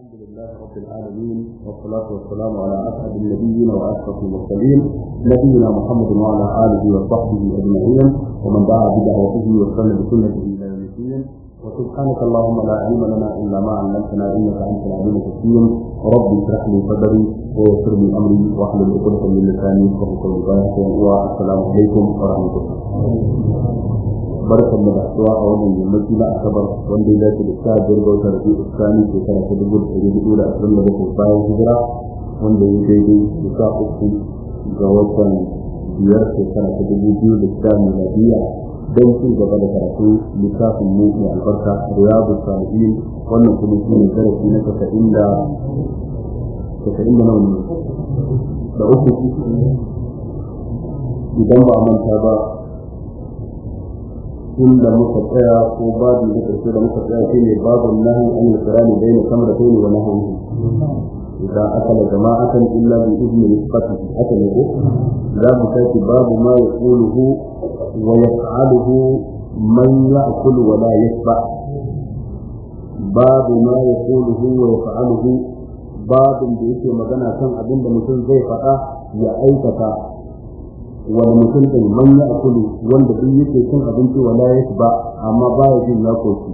الحمد لله رب العالمين والصلاة والسلام على أسعد النبيين وأشرف المرسلين نبينا محمد وعلى آله وصحبه أجمعين ومن دعا بدعوته وسلم بسنته إلى يوم الدين وسبحانك اللهم لا علم لنا إلا ما علمتنا إنك أنت العليم الحكيم ربي اشرح لي صدري ويسر لي أمري واحلل عقدة من لساني يفقهوا قولي والسلام عليكم ورحمة الله barkan mu da haɗuwa a wannan yammaci na asabar wanda ya dace da sha biyar ga watan rabi'u tsani shekara ta dubu da ɗari da ashirin da bakwai bayan hijira wanda ya daidai da sha uku ga watan biyar shekara ta dubu biyu da sha miladiya don ci gaba da karatu littafin mu mai albarka riyadu salihin wannan kuma shi ne darasi na casa'in da casa'in da nawa ne da uku idan ba manta ba inda muka tsaya ko babu da karshe da muka tsaya shine babun nahi an yusrani bayna kamratayn wa nahwihi idan akala jama'atan illa bi izni nisbatihi aka ne ko za mu tafi babu ma yaquluhu wa yaf'aluhu man ya'kul wa la yashba babu ma yaquluhu wa yaf'aluhu babin da yake magana kan abin da mutum zai faɗa ya aikata wani mutum ɗin manya a kudu wanda duk yake cin abinci wala ya ba amma baya jin lakoki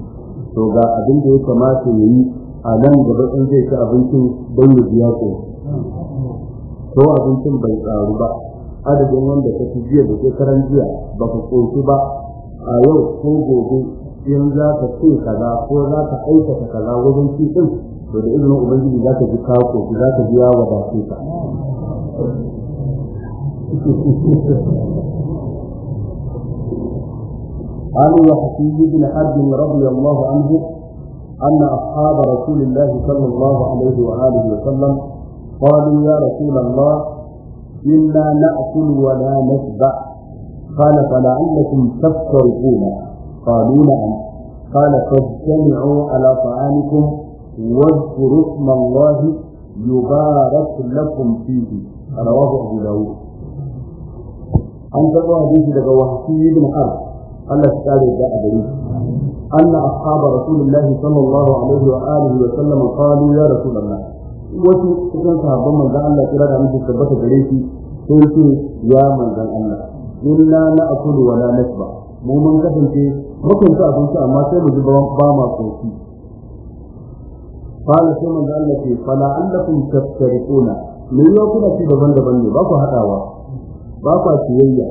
to ga abin da ya kamata ya yi a nan gaba in zai ci abincin don ya biya ko to abincin bai tsaru ba adadin wanda ka ci jiya da shekaran jiya ba ka ƙoshi ba a yau ko gobe in za ka ce kaza ko za ka aikata kaza wajen ci ɗin to da izinin ubangiji za ka ji kawo za ka biya wa ka عن وحسيب بن حرب رضي الله عنه أن أصحاب رسول الله صلى الله عليه وآله وسلم قالوا يا رسول الله إنا نأكل ولا نشبع قال فلعلكم تفترقون قالوا نعم قال فاجتمعوا على طعامكم واذكروا اسم الله يبارك لكم فيه رواه أبو داود an karɓo hadisi daga wasu ibn harb Allah ya kare da a gari أن أصحاب رسول الله صلى الله عليه وآله وسلم قالوا يا رسول الله wasu cikin sahabban manzan Allah kira da mutum tabbata gare shi sai ce ya manzan Allah illa na akulu wa la nasba mu mun kasance mutum ta abinci amma sai mu ji ba ma koki fala sai manzan Allah ce fala allakum taftarikuna me yau kuna ci daban-daban ne ba ku hadawa ba kwa ciyayya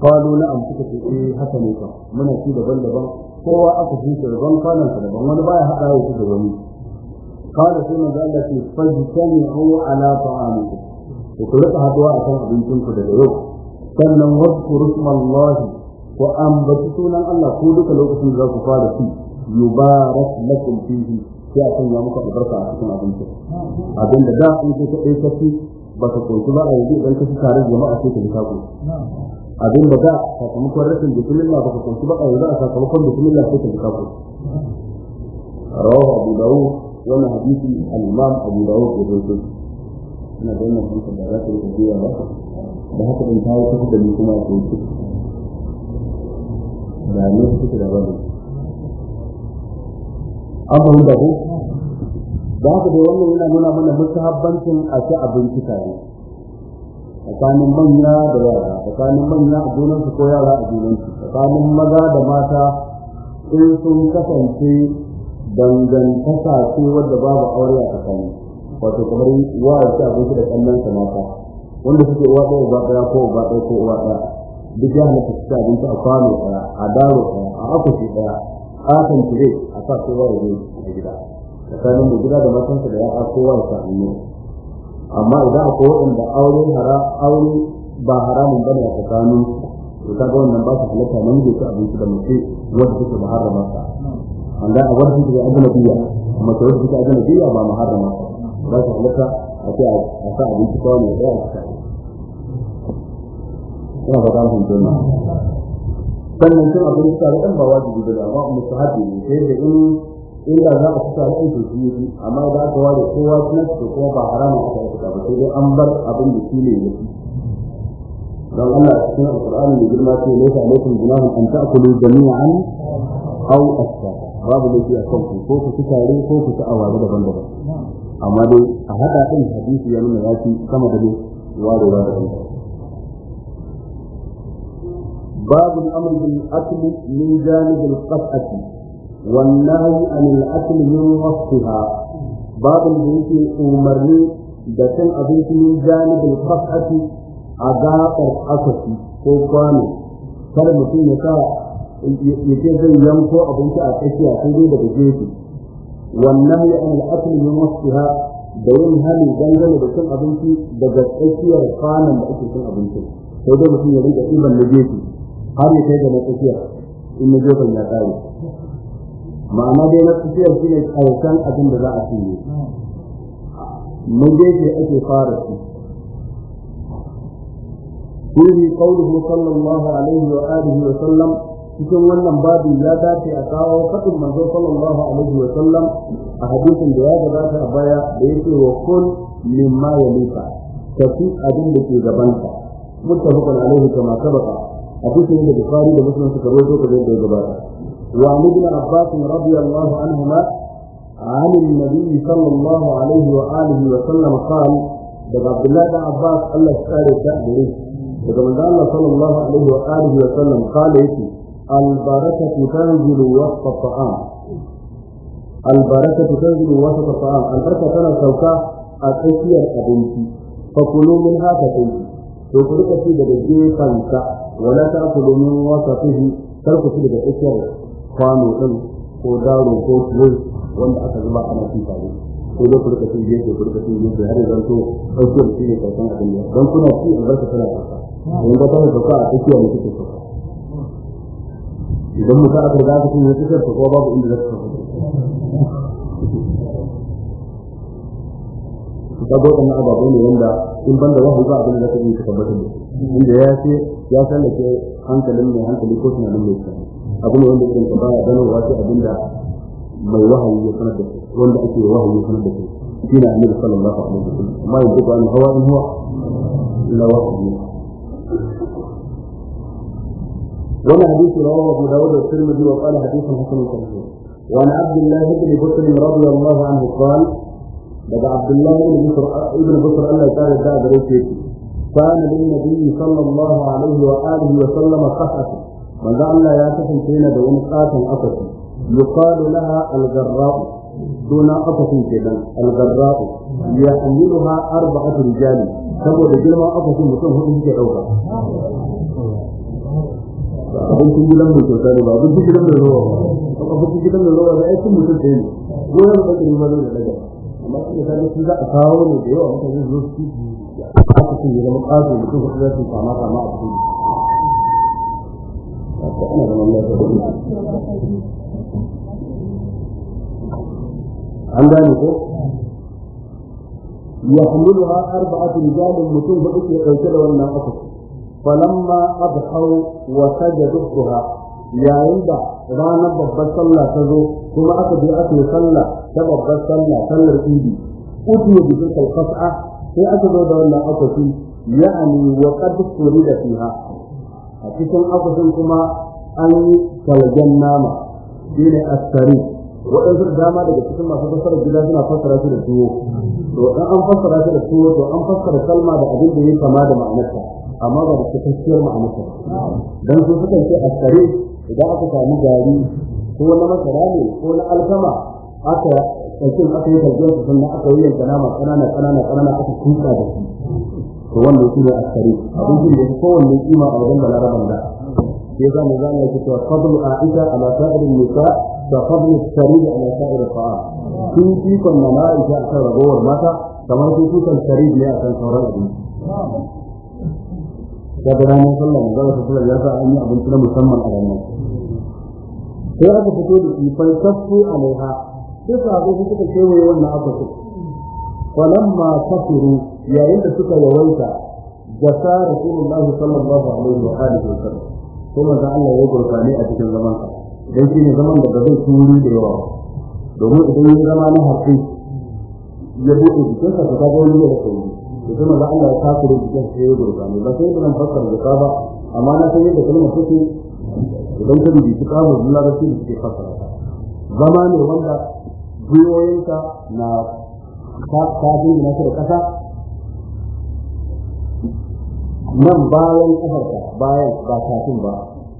kwano na amsa ce eh haka ne ka muna ci daban-daban kowa aka ci daban kwanansa daban wani baya haɗa wa da wani kada sai manzo Allah ce fajtani'u ala ta'amikum Ku ku rika a kan abincin ku daga yau sannan wadkuru smallahi ku ambaci sunan Allah ko duka lokacin da za ku fara ci yubarak lakum fihi sai a kan sanya muku albarka a cikin abincin abinda da in ku kaɗai ka ci ba ta kunshi ba a yanzu idan ka shi tare jama'a sai ka bi saƙo abin da da sakamakon rashin bismillah ba ka kunshi ba a yanzu a sakamakon bismillah sai ka bi saƙo rawahu abu dawud wannan hadisi al abu dawud ya rawaito ina da wannan hadisi da za ka yi tafiya ba da haka in ta yi kusa da ni kuma a kai da ne kusa da ba ne an da haka dai wannan yana nuna mana musahabbancin a ci abinci tare tsakanin manya da yara tsakanin manya a junansu ko yara a junansu tsakanin maza da mata in sun kasance dangantaka ce wadda babu aure a tsakani wato kamar wa a ci abinci da kallon sa mata wanda suke uwa ɗaya uba ɗaya ko uba ɗaya ko uwa ɗaya duk ya halatta ci abinci a kwano ɗaya a daro ɗaya a akushi ɗaya a kan tire a sa kowa da a gida tsakanin mai gida da matansa da ya'a kowa ya sa hannu amma idan in da aure hara aure ba haramun bane a tsakanin to ga wannan ba su halatta namiji ta abinci da mace wanda take muharrama sa Allah a amma to ajnabiya da wanda na biya ba muharrama sa ba su halatta a ce a sa abinci kawai ne ɗaya a cikin ina ba ta hankali na sannan cin abinci tare ɗan ba wajibi da amma mustahabi ne sai da in inda za a fita da aiki shi yi amma za aka ware kowa kuma to kuma ba haramun aka aikata ba sai dai an bar abin da shi ne ya fi don a cikin alƙur'ani mai girma ce laisa alaikum junahun an ta'kulu jami'an aw asfar babu laifi a kan ku ko ku ci tare ko ku ci awari daban-daban amma dai a haɗa ɗin hadisi ya nuna ya fi sama da ne ware da ɗin باب الامر بالاكل من جانب القطعه والنهي عن الأكل من وصفها باب البيت أمرني دكن أبيت من جانب القطعة أذاق الأسف كوكواني كان mutum ya sa yake zai yanko abinci a tsakiya sai dai daga gefe wannan ya an al'akul min da yin hali dangane da cin abinci daga tsakiyar kwanan da ake cin abinci sai dai mutum ya rinka ɗiban na gefe har ya kai na tsakiya in na gefen ma'ana dai na tafiyar shi ne ƙarshen abin da za a cinye mun gefe ake fara shi fihi qawluhu sallallahu alaihi wa alihi wa sallam cikin wannan babu ya dace a kawo fatin manzo sallallahu alaihi wa sallam a hadisin da ya gabata a baya da yake wa kun mimma yalika tafi abin da ke gabanka muttafaqun alaihi kama sabaka a cikin da bukhari da muslim suka rawaito da ya gabata وعن ابن عباس رضي الله عنهما عن النبي صلى الله عليه وآله وسلم قال دقى عبد الله بن عباس الله اشتاري تأمره دقى من قال صلى الله عليه وآله وسلم قال ايتي البركة تنزل وسط الطعام البركة تنزل وسط الطعام البركة تنى سوكا أتسيا أبنتي فكلوا منها تتنزل فكلوا في دقى جيخا ولا تأكلوا من وسطه تركوا في دقى kwano din ko daro ko kuwa wanda aka zuba ana cin tare ko da furkacin gefe furkacin gefe har yanzu to ɗaukar shi ne karshen abin da don kuna ci albarka tana kasa wanda ba ta kasa a tsakiya ne kuka kasa idan mutum aka riga aka cinye tafiyar ta kuma babu inda za ta kasa sabo ɗan ababai ne wanda in banda wahayi ba abin da za ka yi ka tabbatar da inda ya ce ya san da ke hankalin mai hankali ko tunanin mai tunanin abu ne wanda ke baya ganin wasu abin da mai wahayi ya sanar da shi wanda ake wahayi ya sanar da shi shi ne annabi sallallahu alaihi wasallam amma yanzu ko an hawa in huwa illa wahayi wannan hadisi rawahu Abu Dawud da Tirmidhi wa qala hadithun hasan sahih wa an Abdullah ibn Bukr radiyallahu anhu qala daga Abdullah ibn Bukr ibn Bukr Allah ta yarda da gare shi kana lin nabi sallallahu alaihi wa alihi wa sallam qasasa manzo Allah ya kasance yana da wani katon akwati yuqalu laha al-garra'u duna akwatin kenan al-garra'u ya amiluha arba'atu rijali saboda girman akwatin mutum hudu suke dauka abincin gidan mai kyauta ne ba abincin gidan mai rowa ba abincin gidan mai rowa da aikin mutum ɗaya ne ruwan da ɗaya ba zai daga amma kuma ta ne za a kawo ne da yawa mutane zuwa su ya aka ce ya zama ƙasa mutum wasu za su fama fama a cikin عن يحملها أربعة رجال متوه بك يقيتل والناقص فلما أضحوا وسجدتها يا عند رانا ببت صلى تزو ثم أخذ يأكل صلى تببت صلى صلى رئيدي أتي بتلك القصعة في أتد والناقص يعني وقد فيها a cikin akusan kuma an yi kalgen nama shi ne waɗansu da dama daga cikin masu fassara gida suna fassara su da tuwo to in an fassara su da tuwo to an fassara kalma da abin da ya kama da ma'anarsa amma ba da cikakkiyar ma'anarsa dan su sukan ce astari idan aka sami gari ko na masara ne ko na alkama aka ɗauki aka yi kalgen su sannan aka yi yanka nama ƙanana ƙanana ƙanana aka kuka da shi to wannan shine asari abin da kowanne kima a wajen balaraban da sai za mu gane ki cewa fadlu aisha ala sa'irin nisa da fadlu sarid ala sa'irin fa'a sun fi kon na aisha akan ragowar mata kamar sun fi kon sarid ne akan sauran abinci ya ga ranar sallah da zama tafiya ya sa an yi abinci na musamman a ranar sai aka fito da shi falsafu alaiha sai sa zo suka kewaye wannan abu falamma kafiru yayin da suka yawaita gasa sa rasulullahi sallallahu alaihi wa alihi wa sallam sai manzo Allah ya gurfane a cikin zaman sa dan shine zaman da ba zai turi da yawa domin idan ya zama na hakki ya bude jikin sa ta ga wani da kai to sai manzo Allah ya da jikin sa ya gurfane ba sai kuma fakar da ka ba amma na san yadda kalmar suke idan ka bi ka ba Allah da shi ke fassara zama ne wanda jiyoyinka na ta ta na shi da kasa nan bayan kafarka bayan ba kafin ba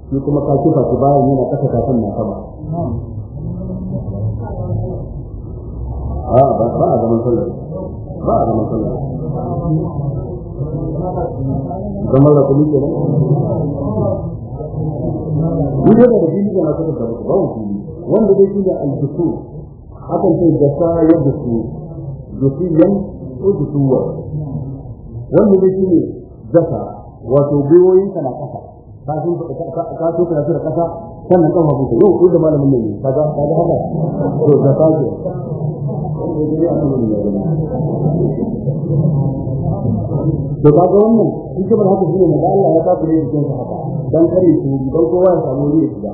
shi kuma ka kifa shi bayan yana kasa kafin na sama ah, ba a zaman sallar ba a zaman sallar zaman da kuma ke nan duk da da fili na kasa da ba wani wanda dai shi da aljusu akan sai gasa ya dusu dusiyan ko dusuwa wanda dai shi ne dasa wato biyoyin na kasa ka sun ka so kana da kasa sannan kan hafi ko ko da malamin ne ka ga ka ga haka to da ka ce to ka ga wannan in ka bar haka shine da Allah ya ka kafa ne cikin haka dan kare su dan ko wani samu ne da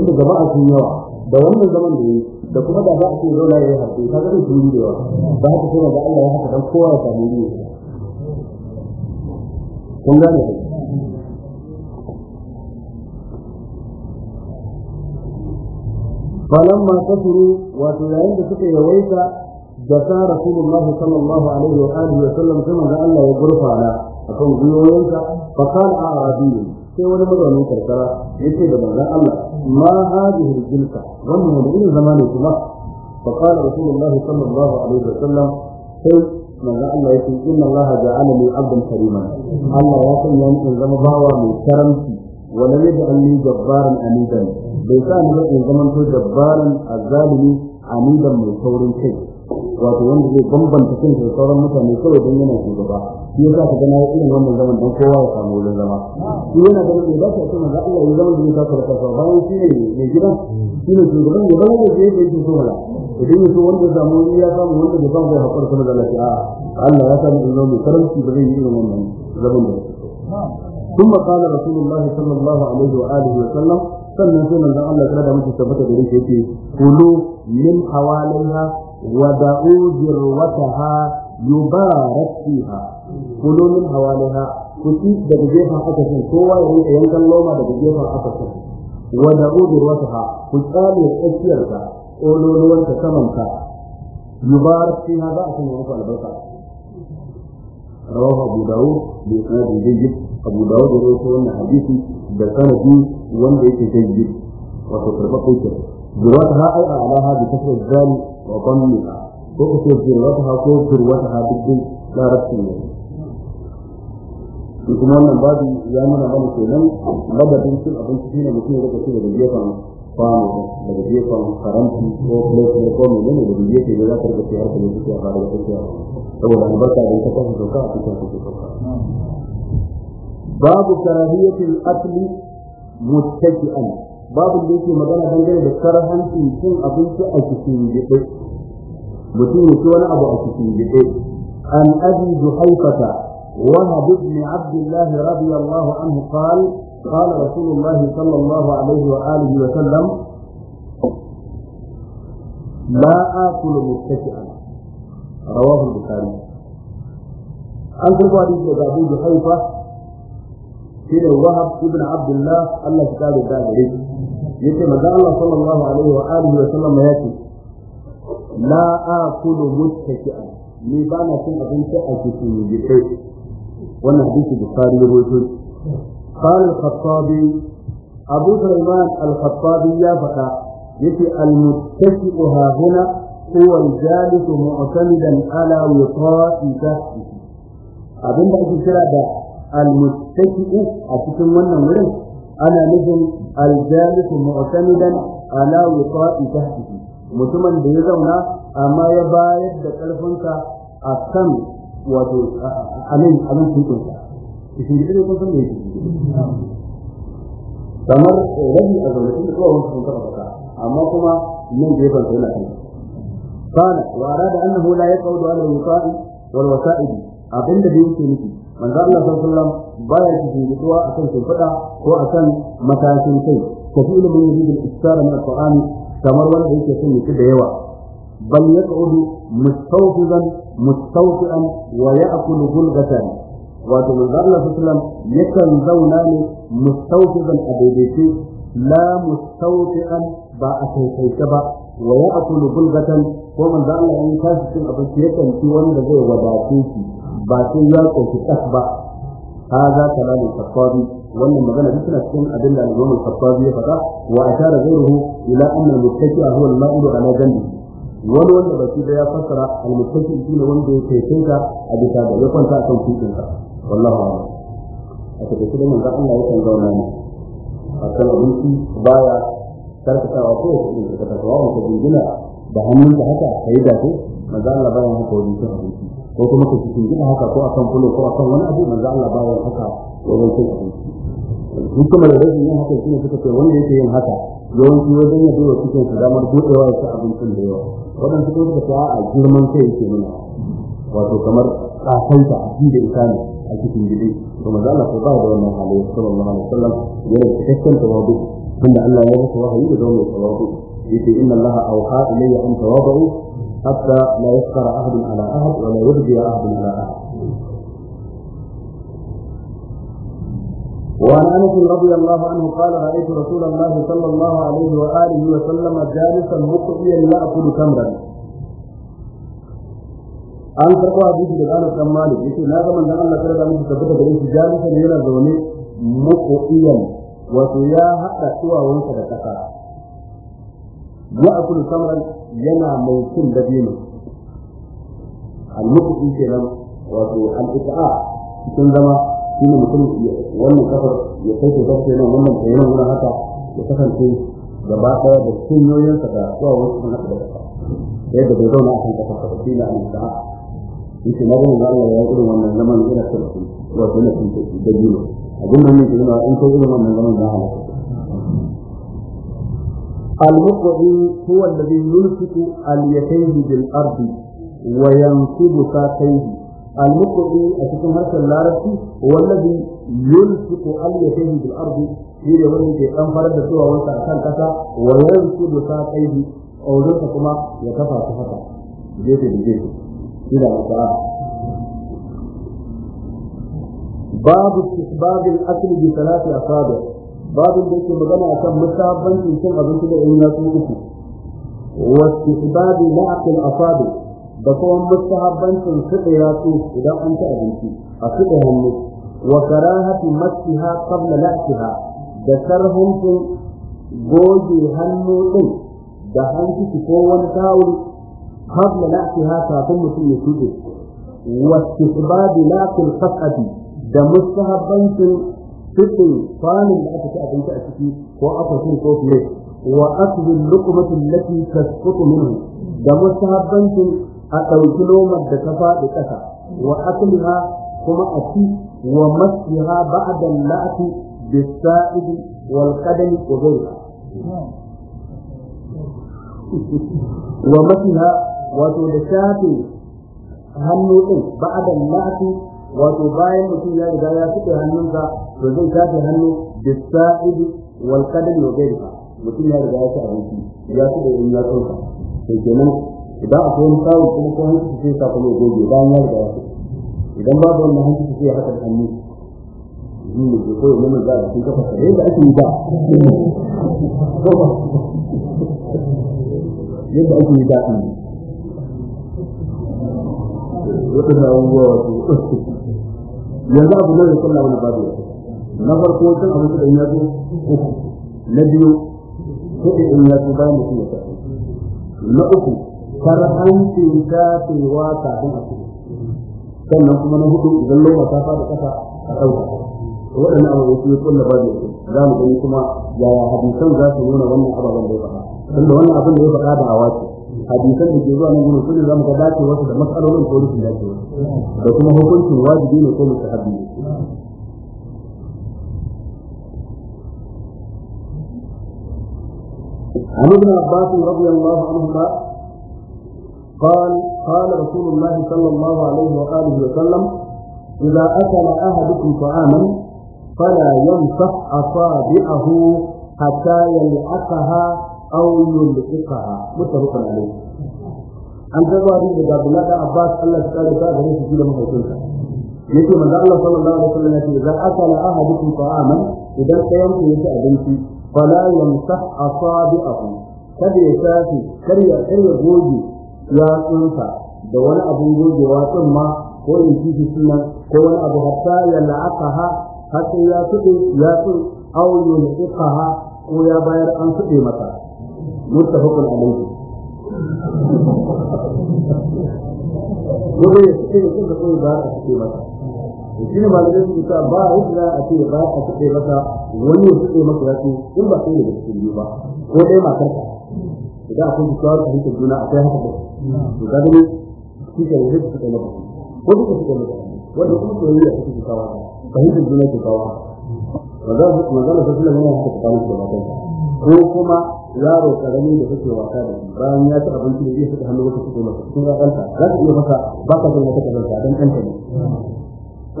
inda jama'a sun yawa da wannan zaman da da kuma da za a ce dole ya yi haƙƙi ka ga su yi da yawa ba haka kuma da Allah ya haka dan kowa ya samu ne kun gane ne falan ma kasuru wato yayin da suka yawaita da sa rasulullah sallallahu alaihi wa alihi wa sallam kuma da Allah ya gurfana akan guyoyinsa fa qala arabiyyu sai wani mazaunin karkara yace da manzon Allah ma hadhihi al-jilsa wannan wani irin zamani kuma fa qala rasulullah sallallahu alaihi wa sallam sai من الله يقول إن الله جعلني عبدا كريما الله يقول لن أنزم ضاوى من كرمتي ولن يجعلني جبارا أميدا بيسان لن أنزمت جبارا الظالمي أميدا من صور شيء وأتوان بذي بمبا تكون في صور المتا من صور دنينا في ضبا في ذلك كنا يقول من زمن بمقوى وقاموا للزمع في هنا كنا يقول لك أن الله يزمن بمتاكرة صور باوشي يجبان في نسل بمبا يجبان يجبان يجبان يجبان يجبان يجبان يجبان يجبان يجبان يجبان يجبان يجبان يجبان idan yanzu wanda ya samu ya samu wanda bai samu bai haƙura kuma da lafiya Allah ya samu in zama mai karamci ba zai yi irin wannan zaman da ثم قال رسول الله صلى الله عليه وآله وسلم sannan sai manzon Allah ya da muku tabbata da yake yake kulu min hawaliha wa da'u jirwataha yubarak fiha kulu min hawaliha kuci daga gefen akasin kowa ya yankan loma daga gefen ku ƙololuwar ta samanta yubar fi ha za a sanya muku albarka rawahu abu da bi sanadi jayyid abu dawud ya rawaito wannan hadisi da sanadi wanda yake jayyid wato karɓar kuke ta ha ai alaha bi kasar zali wa dhammiha ko ku ce ta ha ko zuwata ha duk dai larabcin ne kuma wannan babu ya nuna mana kenan madadin cin abinci shine mutum ya rika ci daga gefen samu daga gefen karanci ko plate ne ko da biye ke za ka rubuta har a bada kuka saboda albarka da ta doka a cikin doka babu babu da yake magana dangane da karahancin cin abinci a cikin gide mutum ya ci wani abu a cikin gide an abi zuhaifata Wani abu ne Abdullahi رضي الله عنه قال رسول الله صلى الله عليه وآله وسلم لا آكل متكئا رواه البخاري an karɓo hadisi daga Abu Juhaifa shine Wahab ibn Abdullah Allah ya da gare shi yace manzo Allah sallallahu alaihi wa sallam ya ce la aqulu muttaki'an ni ba na cin abinci a cikin gidai wannan hadisi Bukhari ya rawaito قال الخطابي أبو سليمان الخطابي يا فقا يتي المتكئ ها هنا هو الجالس معتمدا على وطاء كهفه abin da ake kira da almuttaki'u a cikin wannan wurin ana nufin aljalisu mu'tamidan ala mutumin da ya zauna amma ya bayar da karfinsa akan wato amin cikin gida ne kun san da yake kamar eh, rabi a zaune da kowa wanda sun taɓa fata amma kuma nan da ya fanta yana kan kana wa arada annahu la yaqawdu ala al-wasa'i wal wasa'id abinda da yake nufi manzo Allah sallallahu alaihi wasallam baya cikin kan akan faɗa ko a kan matakin kai kafilu bin yazid al-istara min al-qur'an kamar wanda yake son yake da yawa bal yaq'udu mustawfizan mustawfi'an wa ya'kulu bulghatan wato manzo Allah yakan zauna ne mustawfidan a daidaice la mustawfidan ba a kaikaice ba wa ya'kulu bulgatan ko manzo Allah in tashi cin abinci yakan ci wanda zai wadace shi ba sai ya koki tas ba هذا كلام الخطابي وان المغنى مثل تكون أدلة الإمام الخطابي فقط وأشار غيره إلى أن المتكئ هو المائل على جنبه wani wanda baki da ya fassara almuttaki suna wanda ya kai kanka a bisa Ya kwanta ta kan kuɗinka wallahu a ta tafi da manzan Allah ya kan zauna ne a kan abinci baya karkatawa ko ya kuɗin ka tafi wa ka jingina da hannun da haka ka yi dafe manzan Allah bayan haka wajen cin abinci ko kuma ka cikin gina haka ko akan fulo ko akan wani abu manzan Allah bayan haka wajen cin abinci hukumar da yin haka shi ne suka ce wanda yake yin haka yawanci wajen ya biyo cikin su damar buɗewa ya ci abincin da yawa waɗansu ko suka ce a girman kai yake nuna wato kamar kasanta a cikin da ita ne a cikin gidi to maza Allah ko ba da wannan halaye sallallahu alaihi wasallam yana cikakken tawadu tunda Allah ya masa wahayi da dole tawadu yace inna Allah awha ilayya an tawadu hatta la yasqara ahad ala ahad wa la yubdi ahad ala ahad وعن انس رضي الله عنه قال رايت رسول الله صلى الله عليه واله وسلم جالسا مقضيا ياكل تمرا an karɓo hadisi da zanen dan Malik yace na ga manzon Allah da mun tabbata da shi jalisa ne yana zaune muqiyan wato ya hada wanka da kasa ya akulu samran yana mai cin dabino al-muqi nan wato al-ita'a cikin zama shine mutum wannan kafar ya kai ta kafa nan wannan yana wannan haka ya kasance gaba daya da cinyoyinsa da tuwawansa na kasa yadda bai zauna a kan kasa ba shi al-ita'a yake na gani da Allah ya yi irin wannan zaman ina sarki wato na cin tafi da jino abin da muke yana an kai irin wannan zaman da al-muqri huwa alladhi yunsiku al-yatayhi bil-ardi wa yansibu saqayhi al-muqri akitum harkal larati walladhi yunsiku al-yatayhi bil-ardi yiri wani ke dan farar da suwa wanka a kan kasa wa a saqayhi auzo kuma ya kafa su haka إلى الدعاء باب استحباب الأكل بثلاث أصابع باب البيت مغنى أكم مستحبا إن شاء الله بنت الإيمان في واستحباب لعق الأصابع بكون مستحبا في الخطيات إذا أنت أبنتي أخطيها وكراهة مسها قبل لعقها ذكرهم في goge hannu ɗin da hanci ko wani tawul قبل لأسها كافم ثم سجد واستحباب لاك القطعة da mustahabbancin cikin kwanin da aka ci abinci a ciki ko akwatin ko plate wa akhdhil luqmati allati tasqutu minhu da mustahabbancin a ɗauki lomar da ta faɗi ƙasa wa akliha kuma a ci wa masjiha ba'da al da bis wal qadam wa ghayriha wa masjiha wato da shafe hannu din ba'adan la'ati wato bayan mutum ya riga ya fito hannunsa to zai shafe hannu da sa'idi wal qadami wa ghayriha mutum ya riga ya ci abinci ya ci da yin to kenan idan akwai wani kuma ko sai ka kuma bayan ya riga ya fito idan babu wannan sai haka da hannu yi ne yadda ake yi ba yadda ake yi daɗi waɗanda abubuwa wato yanzu abu ne da kulla wani babu na farko da ya zo uku na biyu kuɗi in ya zo bayan mutum ya tafi na uku farhancin kafewa kafin a cikin sannan kuma na hudu idan lowa ta fada ƙasa a ɗauka waɗannan abubuwa su kulla za mu gani kuma yaya hadisan za su nuna wannan ababen da ya faɗa tunda wannan abin da ya faɗa da awa ce hadisan da ke zuwa nan gurin kullum zamu ga dace wasu da matsalolin ko rufin dace da kuma hukuncin wajibi ne ko mustahabi ne عن ابن عباس رضي الله عنهما قال قال رسول الله صلى الله عليه وآله وسلم إذا أكل أحدكم طعاما فلا يمسح أصابعه حتى يلعقها aw yulqiqaha mutabaqan alayhi an karba hadisi daga Abdullah da Abbas Allah ya kare ka gare shi da mahaifinsa yake manzo Allah sallallahu alaihi wasallam ya ce idan akala ahadukum ta'aman idan sayan ku yace abinci fala yamsah asabi'ahu kada ya tafi kar ya kar ya goge yatsunsa da wani abun gogewa ma ko in shi sunan ko wani abu hatta ya la'aqaha hatta ya tudu ya tsun aw yulqiqaha ko ya bayar an tude masa muttafaqun alayhi gobe ya ce kin da koyi ba a cike masa shi ne malamai su ta ba yadda a ce ba a cike masa wani ya cike masa ya ce in ba kai da cikin biyu ba ko dai matar ka idan akwai shawar da hikin juna akwai haka ba to ga dole shi ke da shi ke masa ko duka shi ke wanda kuma a take shi kawo fahimtar juna ke kawo maza da sallallahu alaihi wasallam yana haka tsakanin shi da matarsa ko kuma yaro karami da kake wasa da shi bayan ya ci abinci da zai saka hannu wata cikin masa cikin ƙaƙanta za ka iya maka ba ka zama ta ƙazanta don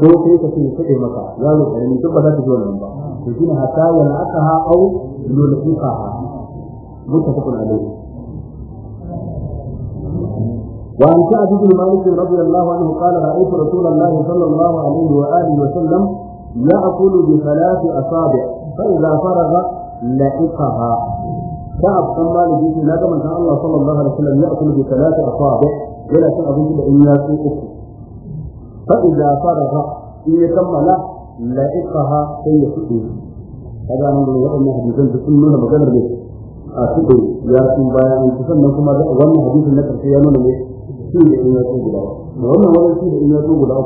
ɗanta ne ko sai ka ce kaɗe maka yaro karami duk ba za ta ji wannan ba to shi ne hata yana aka ha au lulafuka ha mutafakun alaihi وعن كعب بن مالك رضي الله عنه قال رأيت رسول الله صلى الله عليه وآله وسلم يأكل بثلاث أصابع فإذا فرغ لئقها كعب بن مالك يجي لا كما الله صلى الله عليه وسلم يأكل بثلاث أصابع ولا كان إلا جبل إن يأكل فإذا فرغ إن له لائقها كي يفتيه هذا من يقول حديثا تكون نونا مجانا به أتقل يا سنبايا أن تسمى كما دعوا وانا حديث لك في يومنا به سيد إن يأكل بلاو وانا وانا سيد إن يأكل بلاو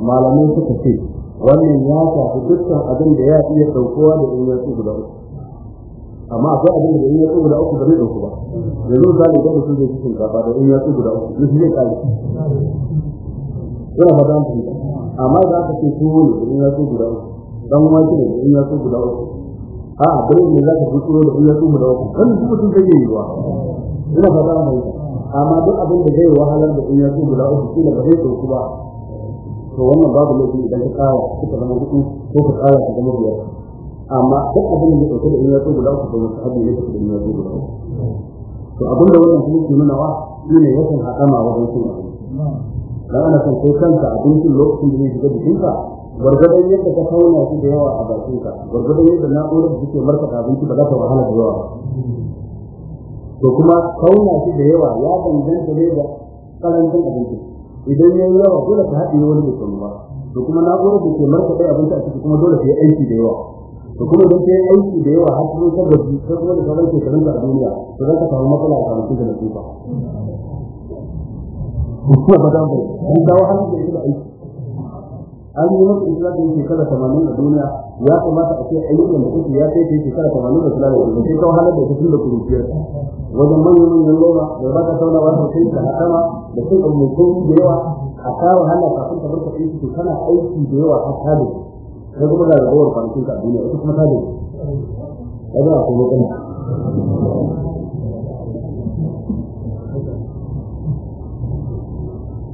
ما لم يكن تفسير wannan ya shafi dukkan abin da ya iya saukowa da amma akwai abin da in ya guda uku ba zai dauku ba yanzu zai ga mutum zai cikin kafa da in ya guda uku duk zai kare suna fata mutum amma da aka ce tuwo ne da in ya guda uku dan wake ne da in ya guda uku a a da za zaka fi tuwo da in ya guda uku kan duk mutum zai yi wa yana fata mutum amma duk abin da zai wahalar da in ya guda uku shi ne ba zai dauku ba to wannan babu laifi idan ka kawo kuka zama hudu ko ka kawo ka zama biyar amma duk abin da ya da ina ya zo guda ku ko wasu abin da ya dauke da in ya zo to abin da wannan kuma ke nuna wa shine yakan hakama wajen cin abinci dan ana son kai kanka abincin lokacin da zai shiga jikinka gwargwadon yadda ka kauna shi da yawa a bakinka gwargwadon yadda na'urar da take markaɗa abinci ba za ta wahala da yawa to kuma kauna shi da yawa ya danganta ne da karancin abinci idan ya yi yawa dole ka haɗe wani da kuma to kuma na'urar da ke markaɗa abinci a ciki kuma dole ka yi aiki da yawa to kuma da kai aiki da yawa har sun tabbaci sai kuma da sauran ke karanta a duniya to zaka samu matsala a kwanaki da nasifa kuma ba dan bai an dawo hannun da da aiki an yi masa isla da shekara tamanin a duniya ya kamata a ce ayyukan da kuke ya kai shekara tamanin da sulala da sai kawo halar da ta tun da kurufiyar wajen manyan manyan loma da ba ka tauna da kai da hatama da sun abubuwan da yawa a kawo halar kafin ka barka aiki to kana aiki da yawa a tare sai kuma ga ragowar kwanakin ka a duniya ita kuma ta da ya ga akwai matsala to dai kuma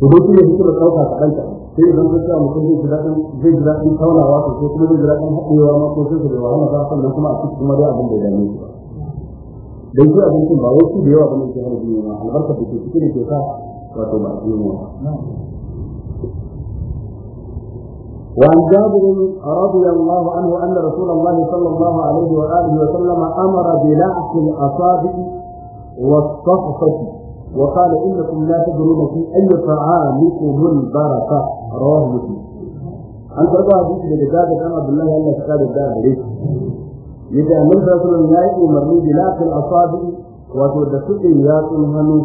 duk da ɗauka ka ɗanta sai idan ka cewa mutum zai jira daɗin zai ji daɗin taunawa sai kuma zai ji daɗin haɗewa ma ko sai su da wahala ba sannan kuma a cikin kuma dai abin da ya dame shi da yi abincin ba wai su da yawa ba ke hana duniya ma albarkar da ke cikin da ke sa wato ba a duniya وعن جابر رضي الله عنه أن رسول الله صلى الله عليه وآله وسلم أمر بلعق الأصابع والصفقة وقال إنكم لا تدرون في أي طعامكم البركة رواه مسلم an karɓa hadisi daga zaga kan Abdullahi Allah ta kada da gare shi yace annabi sallallahu alaihi ya yi umarni bi laqil asabi wato da sukin yatsun hannu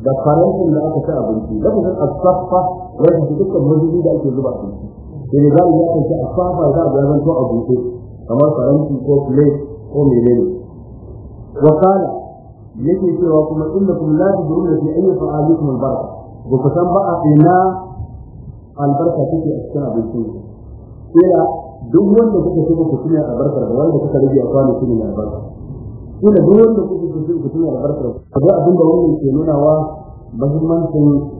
da aka ci abinci lafazin asaffa ya tafi dukkan mazubi da ake zuba abinci sai ne zamu ya kanci a fafa za a zan to a buɗe kamar faranti ko plate ko menene wa kana yake cewa kuma innakum la tadruna fi ayyi fa'alikum al-baraka ba ku san ba a ina albarka take a cikin abincin sai duk wanda kuka so ku tuna albarkar da wanda kuka rage a kwano shi ne albarka kila duk wanda kuka so ku tuna albarkar da abin da wannan ke nunawa muhimmancin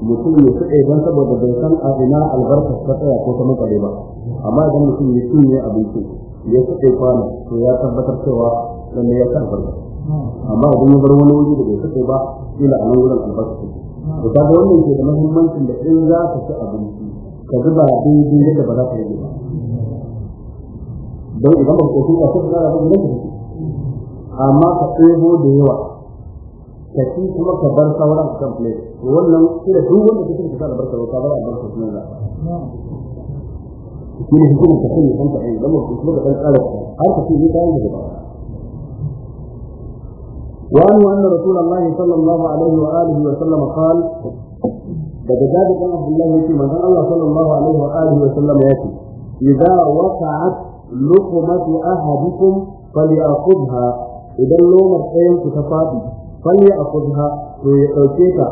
mutum ya su ɗaya don saboda bai san a ina albarka ta tsaya ko ta mutane ba amma idan mutum ya ci ne abinci ya ci ɗaya kwana to ya tabbatar cewa ne ya san albarka amma idan ya bar wani wuri da bai ci ba ila a nan wurin albarka ce to ga wannan ke da muhimmancin da in za ka ci abinci ka zuba daidai yadda ba za ka yi ba don idan ba ka ko ka ci ba za ka yi amma ka ɗebo da yawa ka ci kuma ka bar sauran a kan plate wannan shi da duk wanda kake kusa da bar sauran ka bar a bar su suna da shi ne hukumar ka sani kan ta'ayi don mutum kuma ka ɗan tsara har ka ce ni kayan da ba وعنه أن رسول الله صلى الله عليه وآله وسلم قال daga jabi ɗan abdullahi yake manzon Allah sallallahu alaihi wa alihi wa sallam yake idza waqa'at luqmatu ahadikum falyaqudha idan lomar ɗayan ku ta fadi falli a kuzha to ya ɗauke ka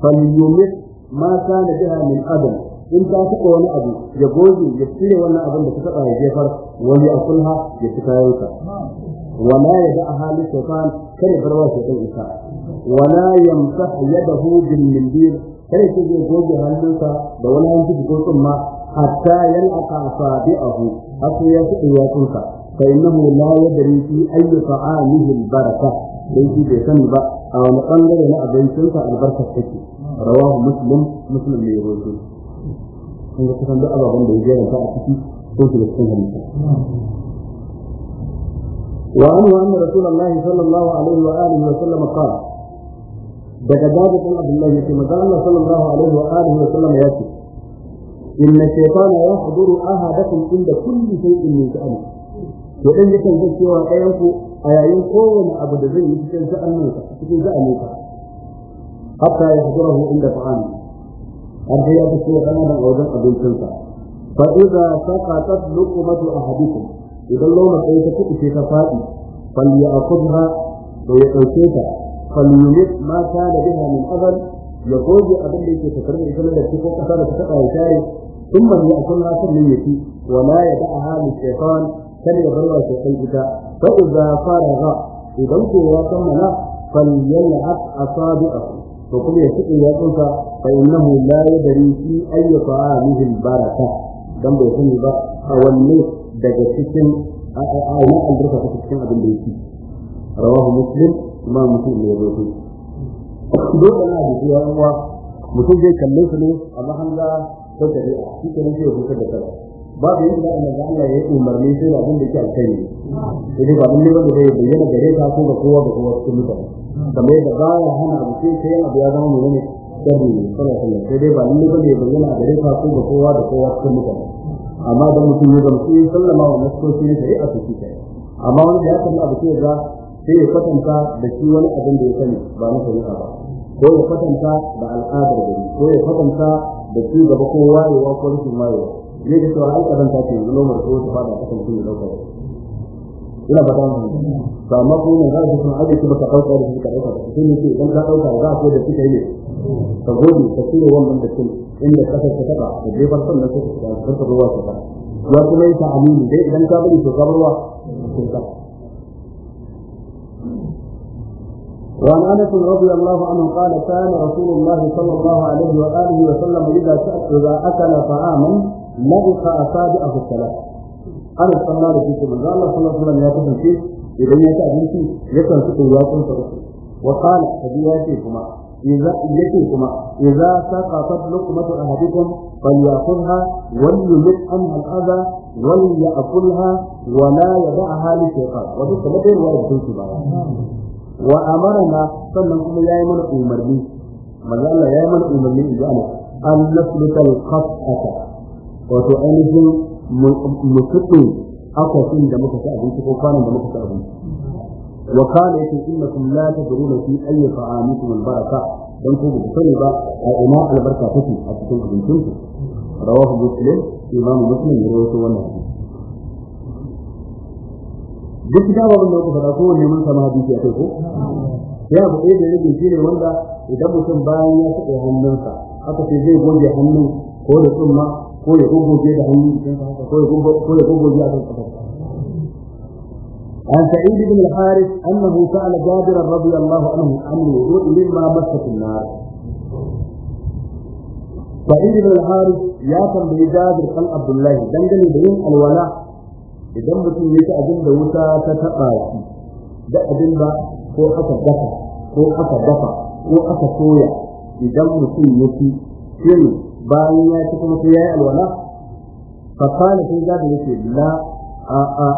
falyumit ma kana biha min adam in ta tuka wani abu ya goge ya cire wannan abin da ta taba ya jefar wani a kulha ya ci kayanka wala ya da ahali shaitan kare barwa shaitan isa wala yamsah yadahu bil mindir kare goge hannunsa da wani hanci hatta yalqa asabi'ahu hasu ya tuka ya tunka fa innahu la yadri fi ayyi ta'amihi al dan shi bai sani ba a wani bangare na abincinsa albarkar take rawahu muslim muslim ne rawaito kun ga kusan duk ababen da ya jeranta a ciki ko su da cikin hadisi وعنه أن رسول sallallahu alaihi الله عليه وآله وسلم قال daga jabir عبد الله yake magana Allah sallallahu alaihi wa alihi wa sallam yake inna shaytana yahduru ahadakum inda kulli shay'in min ta'ala to dan yakan ga cewa ɗayan ku a yayin kowane abu da zai yi cikin za'anin ka cikin za'anin ka hatta ya hujurahu inda fa'ani har dai ya ga kana da wajen abincin sa fa idza saqatat luqmatu ahadikum idan loma ɗaya ta kuɓuce ka faɗi fal ya'khudha to ya ɗauke ta fal yumit ma kana biha min azal ya goge abin da yake tattare da ita da ko kasa da ta taɓa ya tare ثم يأكلها ثم يأتي ولا يدعها kada ya barwa ke kai ita fa fara faraga idan ko ya kammala falyal'ab asabi'ahu to kuma ya tsike ya tsunka fa innahu la yadri fi ayyi ta'amihi al-baraka dan bai sani ba a wanne daga cikin ayyukan albarka ta cikin abin da yake rawahu muslim kuma muslim ne ya rawaito duk da na da yawa mutum zai kalle su ne a mahanga ko shari'a shi ke nan zai hutar da kansa babu yin da annabi Allah ya umarni sai abin da yake alkhairi idan ba mun ba da zai bayyana gare ka ko ga kowa ga kowa cikin mutane kamar yadda ya hana abu sai sai abu ya zama mai ne dabi ne sallallahu alaihi sai dai ba mun ne ba da bayyana gare ka ko ga kowa da kowa cikin mutane amma da mutum ya zama sai sallama wa nasoci ne shari'a su ci kai amma wanda ya kalla abu sai ga sai ya kwatanta da shi wani abin da ya sani ba na sani ba ko ya kwatanta da al'adar gari ko ya kwatanta da shi gaba ko wayewa ko rikin wayewa zai ga cewa ai kazanta ce yanzu lomar ko ta fada a kan mutum ya dauka ina ba ta mu to amma ko ne za ka kuma aje ki baka dauka da kika dauka da shi ne ce idan ka dauka za ka da kika yi ka gode ka tsire wannan da kin inda ka saka taka da dai ban sanna ko ka saka ruwa ka ta ya kuma yi ta'amini dai idan ka bari to ka bar ruwa kun ka وعن انس رضي الله عنه قال كان رسول الله صلى الله عليه واله وسلم اذا اكل طعاما labiqa a salat ana sanna da shi manzo Allah sallallahu alaihi wasallam ya kasance idan ya ci abinci ya san su ya kun sa wa qala kabi ya ce kuma ta idza yake kuma idza saqatat luqmatu ahadikum falyakhudha wal yumit anha al-adha wal ya'kulha wa la yad'aha li shaytan wa duk da dai ruwa da su ba wa amarna sannan kuma ya yi mana umarni manzo Allah yayi mana umarni idan an nasluta al-qasata wato ainihin mu kuɗe akwatin da muka ci abinci ko kwanan da muka ci abinci wa kana yake innakum la tadruna fi ayyi ta'amikum al-baraka dan ko ba sani ba a ina albarka take a cikin abincin ku rawahu muslim imamu muslim ya rawaito wannan duk da babban da ku fara ko ne mun sama hadisi akai ko ya abu da rage shi ne wanda idan mutum bayan ya taɓa hannunsa haka sai zai goge hannun ko da tsumma ko ya goggoje da hannu cikin haka ko ya goggoje a kan kafarsa عن سعيد بن الحارث أنه سأل جابرا رضي الله عنه عن الوضوء مما مست النار سعيد بن الحارث يا تنبي جابر قال عبد الله دنجل بين الولاء idan mutum ya ci abin da wuta ta taɓa shi da abin ba ko aka dafa ko aka dafa ko aka soya idan mutum ya ci shin bayan ya ci kuma sai ya yi alwala fakala sai zaɓi yake la a a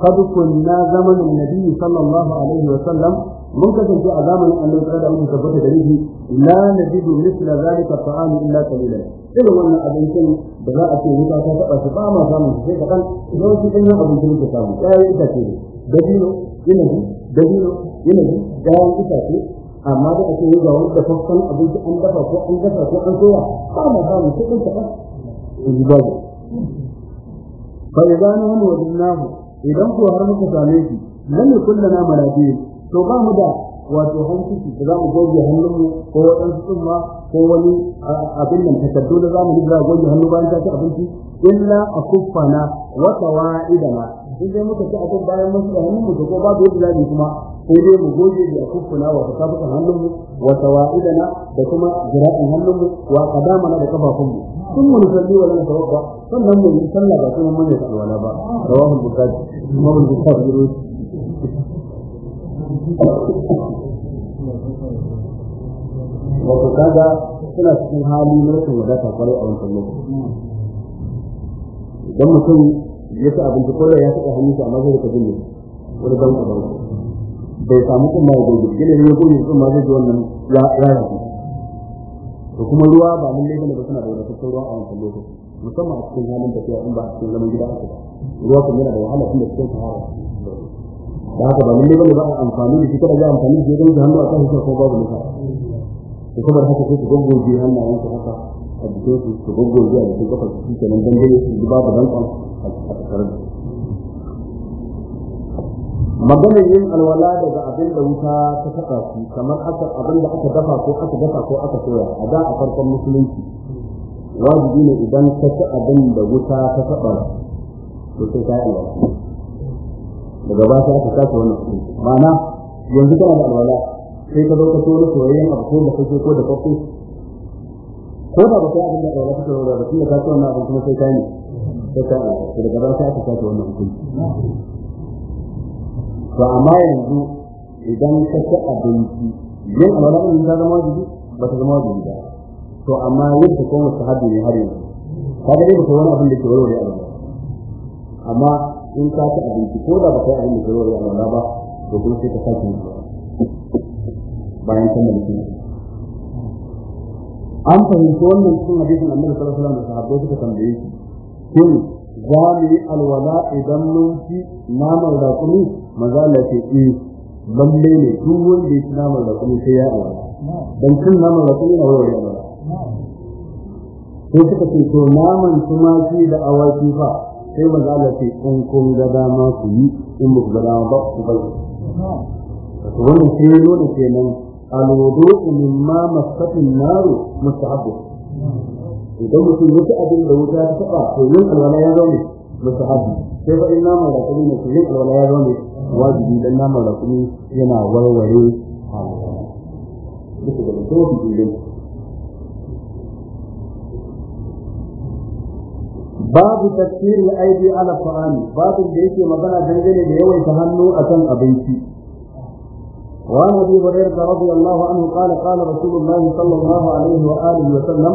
qad na zamanin nabi sallallahu alaihi wa sallam mun kasance a zamanin annabi sallallahu da wa sallam da rihi la najidu mithla zalika ta'am illa qalilan irin wannan abincin da za a ce wuta ta taɓa su ba ma samun su sai kaɗan idan wasu ɗanyen abincin da samu ɗaya itace ne dabino inabi dabino inabi ɗayan itace amma da ake yi ga wani da abinci an dafa ko an dafa ko an soya ba mu ba mu cikin ta ba in ba mu fa idan wani wajinahu idan ko har muka same shi lam yakun lana maladiyin to ba mu da wato hankali da za mu goge hannunmu ko waɗansu tsumma ko wani abin nan takardu da za mu riga goge hannu bayan ta ci abinci illa a kuffana wa tawa'idana in dai muka ci abin bayan mun da hannunmu to ko babu yadda za mu kuma sai dai mu goge da kukkuna wa tabukan hannunmu wa tawaidana da kuma jira'in hannunmu wa qadamana da kafafunmu sun mun salli wa lan tawabba sannan mu yi sallah ba kuma mun yi alwala ba rawahul bukhari imam bukhari yaro wato kaga suna cikin hali na rashin wadata kwarai a wancan lokaci idan mutum ya ci abinci kwarai ya taɓa hannu amma zai rika jin ne wani banka banka bai samu kuma ya gobe gina ne ko ne kuma zai ji wannan ya ya to kuma ruwa ba mun laifin da suna da wadataccen ruwa a wancan lokaci musamman a cikin halin da in ba a cikin zaman gida aka ba ruwa kuma yana da wahala tun da cikin sahara da haka ba mun laifin da ba a amfani da shi kada ya amfani da shi don hannu a kan shi ko babu nufa to kuma da haka sai su gongoje hannayen su haka a jikin su su gongoje a jikin kafar su kenan dan dai su babu danƙon a tsarar magana yin alwala daga abin da wuta ta taɓa su kamar aka abin da aka dafa ko aka dafa ko aka soya a da a farkon musulunci wajibi ne idan ka ci abin da wuta ta taɓa to sai ka yi alwala daga ba sai aka sace wannan kuɗi ma'ana yanzu kana da alwala sai ka zo ka so na soyayyen abu ko da kake ko da kake ko da ba sai abin da alwala ta taɓa ba tun da ka ci wannan abin kuma sai ka yi sai ka yi daga ba sai aka sace wannan kuɗi to amma yanzu idan ka ci abinci yin alwala in ta zama wajibi ba ta zama wajibi ba to amma yin ta kuma sahabi ne har yanzu ka ga dai ba wani abin da ke warware alwala amma in ka ci abinci ko da ba kai abin da ke warware alwala ba to kuma sai ka sake yin bayan kammala shi an fahimci wannan cikin hadisin annabi sallallahu alaihi wasallam da sahabbai suka tambaye shi shin za mu yi alwala idan mun ci namar raƙumi maza Allah ce eh lalle ne duk wanda ya ci naman rakumi sai ya aure dan cin naman rakumi na wani aure sai suka ce to naman tumaki da awaki fa sai maza Allah ce in kun ga dama ku yi in ba ku ga dama ba ku bari to wannan sai ya nuna kenan alwudu mimma masatun naru mustahabu idan mutum wata abin da wuta ta taba to yin alwala ya zo ne mustahabu sai fa inna ma da kuma yin alwala ya zo ne wajibi dan naman rakumi yana warware duka da mutum bilin babu tafsirin aidi ala fa'ani babu da yake magana dangane da yawaita hannu akan abinci وعن ابي هريره رضي الله عنه قال قال رسول الله صلى الله عليه واله وسلم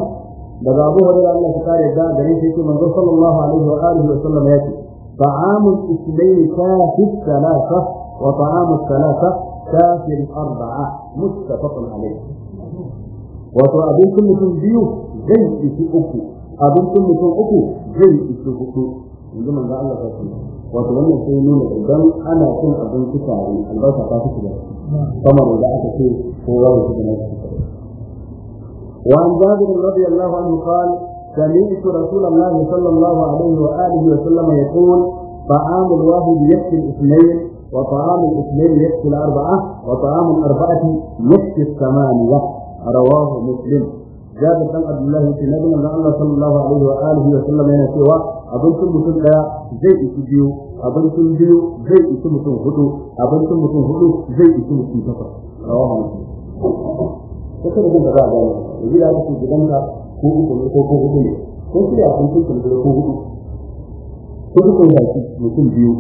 daga abu hore da Allah ta kare da gare shi ke manzo sallallahu alaihi wa alihi wa sallam ya ce طعام الاثنين كافي الثلاثة وطعام الثلاثة كافي الأربعة متفق عليه وأبو كل من بيو جيء في أكو أبو كل من أكو جيء في أكو عندما قال الله تعالى وتولى سيمون الإبن أنا كن أبو كتاري البرسة قاتل كما رجاء كثير هو رجاء كثير وعن جابر رضي الله عنه قال سمعت رسول الله صلى الله عليه وآله وسلم يقول طعام الواحد يكفي الاثنين وطعام الاثنين يكفي الأربعة وطعام الأربعة يكفي الثمانية رواه مسلم جابر بن عبد الله بن أن الله صلى الله عليه وآله وسلم أن سوى أبن كل مسلم كلا زي إتجيو اظن كل جيو زي إتمسون هدو اظن كل مسلم هدو زي إتمسون رواه مسلم فكرة بعد ذلك وإذا أردت ko uku ne ko ko hudu ne ko shida sun sun kan ko hudu ko duka da shi mutum biyu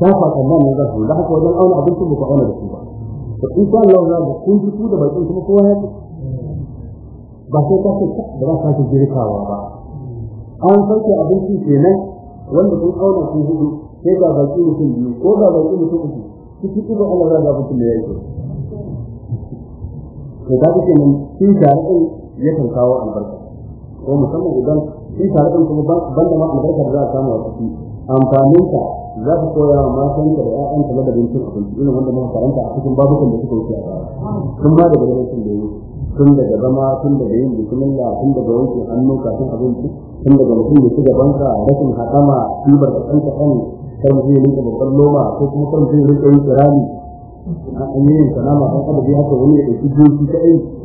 ba fa kallon ne za su da haka wajen auna abincin ba ko auna da su ba to in sha Allah za ku kun ji ku da bakin kuma kowa ya ba sai ka ce da za ka ji girkawa ba an sauke abinci kenan wanda kun auna ku hudu sai ga baki mutum biyu ko ga baki mutum uku kiki ibo Allah za ga mutum da yake to da kake mun shi da ya kan kawo albarka ko musamman idan shi tare da kuma ban da ma albarkar za a samu a ciki za ka koya wa matan da ƴaƴan ladabin cin abinci irin wanda muka karanta a cikin babukan da suka wuce a baya sun ma daga lokacin da yi tun daga zama tun daga yin bismillah tun daga wanke abinci tun daga mutum rashin da kanka kan kan zai rinka babban ko kuma kan zai rinka yin kirani yin kan abu haka wani ya ɗauki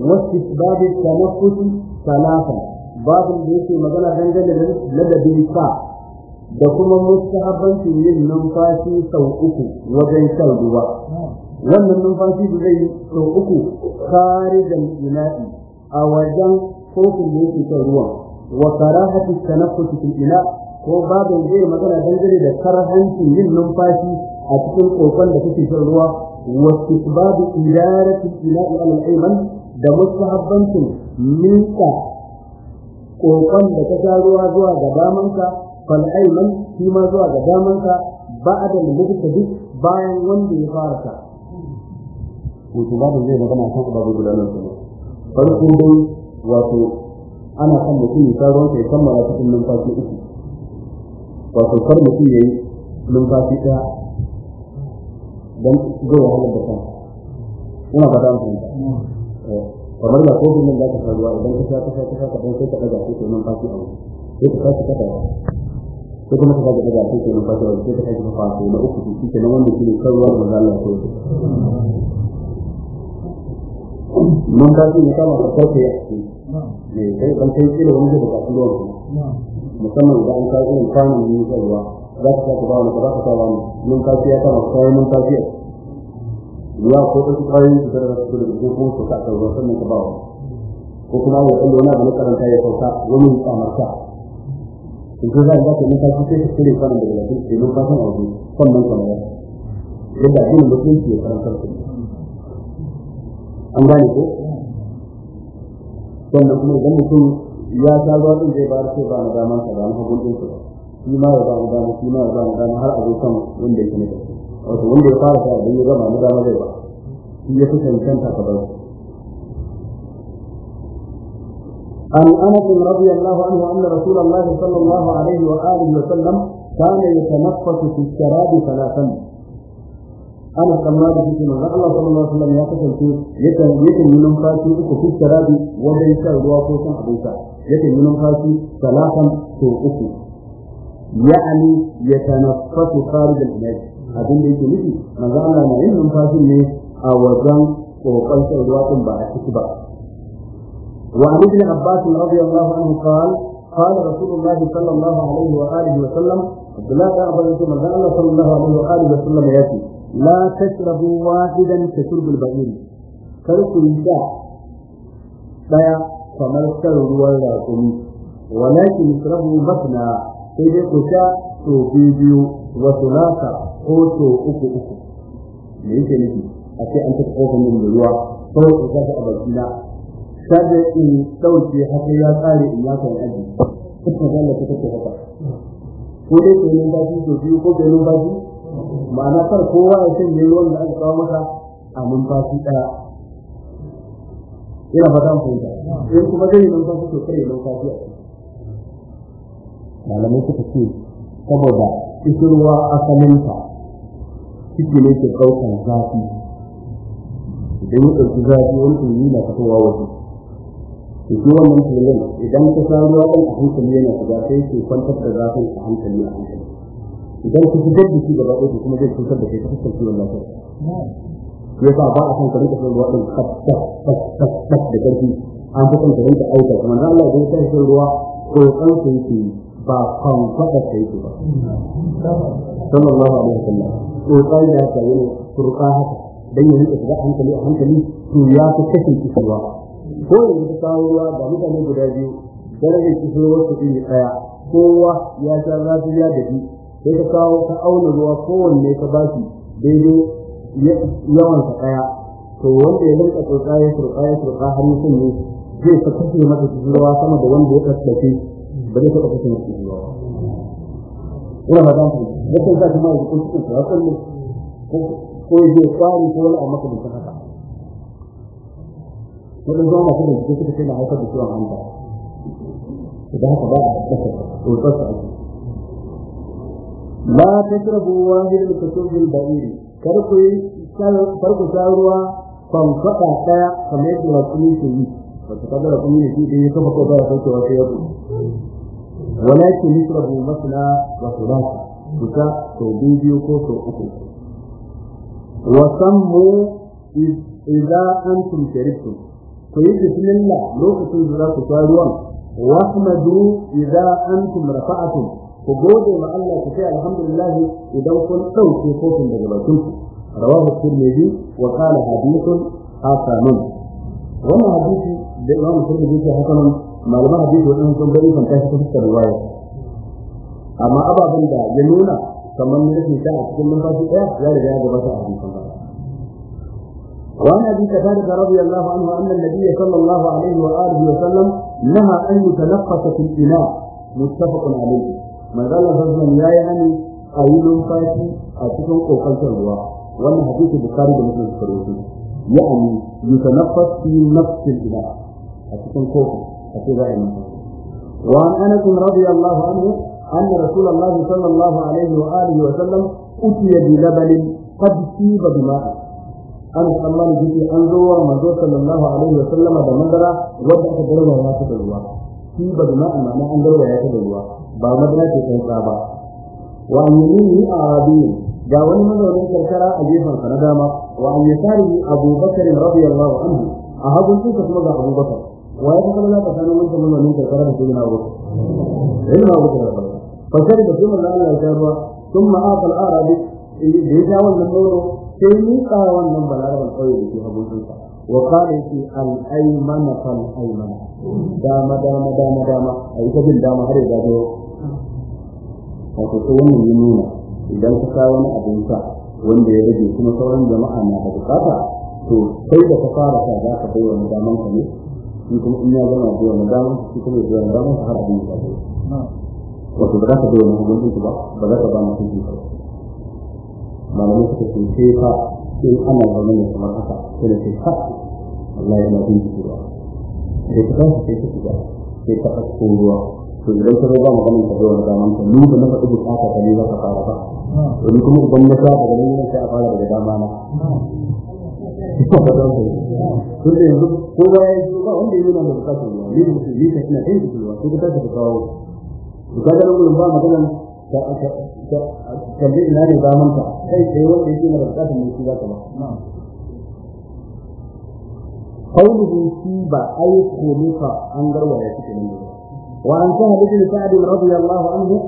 واستحباب التنفس ثلاثا باب da yake magana dangane da ladabin sa da kuma mustahabbancin yin numfashi sau uku wajen shan ruwa wannan numfashi da zai sau uku kare kharijan ina'i a wajen kofin da yake shan ruwan wa karahati tanaffus fil ina ko babu zai magana dangane da karhancin yin numfashi a cikin kokon da kake shan ruwa wa istibab idarati ila'i al-ayman da mustahabbancin minka kokon da ta sha ruwa zuwa ga damanka fal ayman shi ma zuwa ga damanka ba'da al-mubtadi bayan wanda ya fara ka wato zai magana kan wato ana kan mutum ya ɗaya don zai wahalar da kan ina fata mutum eh, kamar da kofin nan za ka sha idan ka sha ka sha ka dan sai ka daga sai kai numfashi a wuce sai ka sake kada ko kuma ka sake daga sai kai numfashi a wuce sai ka sake ka fasu na uku su shi wanda shi ne kan ruwa da maza Allah ko numfashi ne ka farko ya ce eh, ne sai kan sai kila wani da bukatun ruwa musamman idan ne za ka sake ba wani ba za ka saba mu numfashi ya kama kayan numfashi a ya ko wasu kawai su zara su da ko kuma su ka sauran sannan ka ba ko kuma ya kalli wani abu na karanta ya sauka wani ya tsamarta in ko za ka sake numfashi sai ka cire kwanan daga lafiya sai numfashin a wajen sannan ka mayar yadda addinin musulunci ya karantar su an gane ko sannan kuma idan mutum ya sha ruwa din zai bayar sai ba na daman sa ba na hagun din sa ba shi ma ya damu dama shi ma ya damu dama har a zo kan wanda yake na ƙarshe wato wanda ya fara ta idan ya gama na dama zai ba shi ya fi cancanta ka bar عن انس رضي الله عنه ان رسول الله صلى الله عليه واله وسلم كان يتنفس في الشراب ثلاثا ana tsammani shi ne manzon Allah sallallahu alaihi wasallam ya kasance yakan yakan yi numfashi uku fi sharabi wajen shan ruwa ko shan abin sha yakan yi numfashi salatan to uku يعني يتنفس خارج الحجاج هذين اللي يجي نفي نظام لنا إن المفاصل من أوزان وقلت إدوات بعد كتبا وعن ابن عباس رضي الله عنه قال قال رسول الله صلى الله عليه وآله وسلم لا تعبد ما قال صلى الله عليه وآله وسلم يأتي لا تشربوا واحدا كشرب البعير كرسوا إنساء فما فمرسلوا ولا ولكن اشربوا بطنا sai dai ku sha to biyu biyu wa sulasa ko to uku uku me yake nufi a ce an taɓa ƙofar min da ruwa ko ku sha a baki na kada in sauke haka ya tsare in ya kan aji kuka zalla ta ta haka ko dai ke numfashi to biyu ko ke numfashi ma'ana kar kowa ya sanya ruwan da aka kawo maka a numfashi ɗaya ina fata mu fahimta in kuma zai numfashi to kare numfashi a malamai suka ce saboda isurwa ruwa asalinta ciki ne ke ɗaukar zafi idan ya ɗauki zafi wani tuni na fitowa waje to wannan tunin idan ka sa ruwa ɗan a hankali yana shiga sai ke kwantar da zafin a hankali a hankali idan ka fi da shi gaba ɗaya kuma zai cutar da kai ta fuskar kiwon lafiya ya sa ba a san ka rika ruwa ɗin kaf da ƙarfi an fi kan ka rinka aika da Allah ruwa ko kan ka ba faɗa ta yake ba sallallahu alaihi wasallam kokari da haka yana turka haka dan ya rika shiga hankali a hankali to ya fi kashe kishirwa ko yanzu ta kawo ruwa ga mutane guda biyu darajar kishirwar su iri ɗaya kowa ya sha zafi ya dafi sai ka kawo ka auna ruwa kowanne ka ba shi daidai yawansa ɗaya to wanda ya rinka turka ya turka ya turka har mutum ne zai ka kashe masa kishirwa sama da wanda ya kaskace ba zai taɓa kasance mutum ba ina ba zan da kai za ka ma da cikin sa ne ko ya je tsari ko wani amma kuma haka wannan zama kuma da suka kai na haifar da ciwon hanta da haka ba a kasa to tsasa ake la tashrabu wahid al-kutub al-ba'ir kar ku kar ku sha ruwa kan fada daya kamar yadda rasulullahi yi wato kadara kuma ne shi da ya kafa ko da sauke wato ya walakin yusrabu masla wa thulatha duka sau biyu ko sau uku wa sammu idza antum sharibtum ku yi bismillah lokacin da za ku sha ruwan wa ahmadu idza antum rafa'atum ku gode ma Allah ku sai alhamdulillah idan kun dauke kofin daga bakin ku rawahu tirmidhi wa qala hadithun hasanun wannan hadisi da Imam Tirmidhi malaman hadisi wajen sun bari kan tashi ta fuskar riwaya amma ababen da ya nuna kamar ne rashin ta a cikin numfashi ɗaya ya riga ya gabata a hadisin ba وعن ابي قتاده رضي الله عنه ان النبي صلى الله عليه واله وسلم نهى ان يتنقص في الاناء متفق عليه ما قال الرجل يا يعني قليل فاتي اتكون كوكلت الروا وانا حديث البخاري ومسلم في يعني يتنقص في نفس الاناء اتكون كوكلت أكيد أنا وعن أنس رضي الله عنه أن رسول الله صلى الله عليه وآله وسلم أتي بلبن قد سيب بماء أنس الله يجي أنزور منزور صلى الله عليه وسلم بمدرة وضع تدروا ويأتي بالروا سيب بماء معنى أنزور ويأتي بالروا بمدرة تتنقابا وعن يمينه أعابين ga wani mazaunin karkara a gefen sa na dama wa an yasarihi Abu Bakar radiyallahu anhu a hagun sa kuma ga Abu Bakar wa ya kuma la tsakanin wancan mazanin karkara da sai na wuce sai na wuce da farko fasari da kuma da Allah ya tarwa sun ma'aqal arabi da ya ja wannan doro sai ni ka wannan balaraban kauye da ke hagun sa wa qala yake al aymana fal aymana dama dama dama dama ai ta bin dama har ya zo wato to wannan ya nuna idan ka kawo wani abin sa wanda ya rage kuma sauran jama'a na da bukata to sai da ka fara ka za ka bai wa mutanen ka ne shi kuma in ya gama da yawan damar shi kuma da yawan damar har abin da ya wato ba za ka ba ba za ka ba mutum ba malamai suka ce sai fa sai ana zaune ne kamar haka sai da sai ka Allah yana bin ki ruwa sai ka kawo sai ka shiga sai ka ɗauko ruwa to idan ka ba maganin ka da wani ka ni na faɗi bukata ka ne za ka fara ba domin kuma idan na sa daga nan sai a fara daga dama na. قوله سيبا أي قوليك أنظر ويأتك منه وأن سهل ابن سعد رضي الله عنه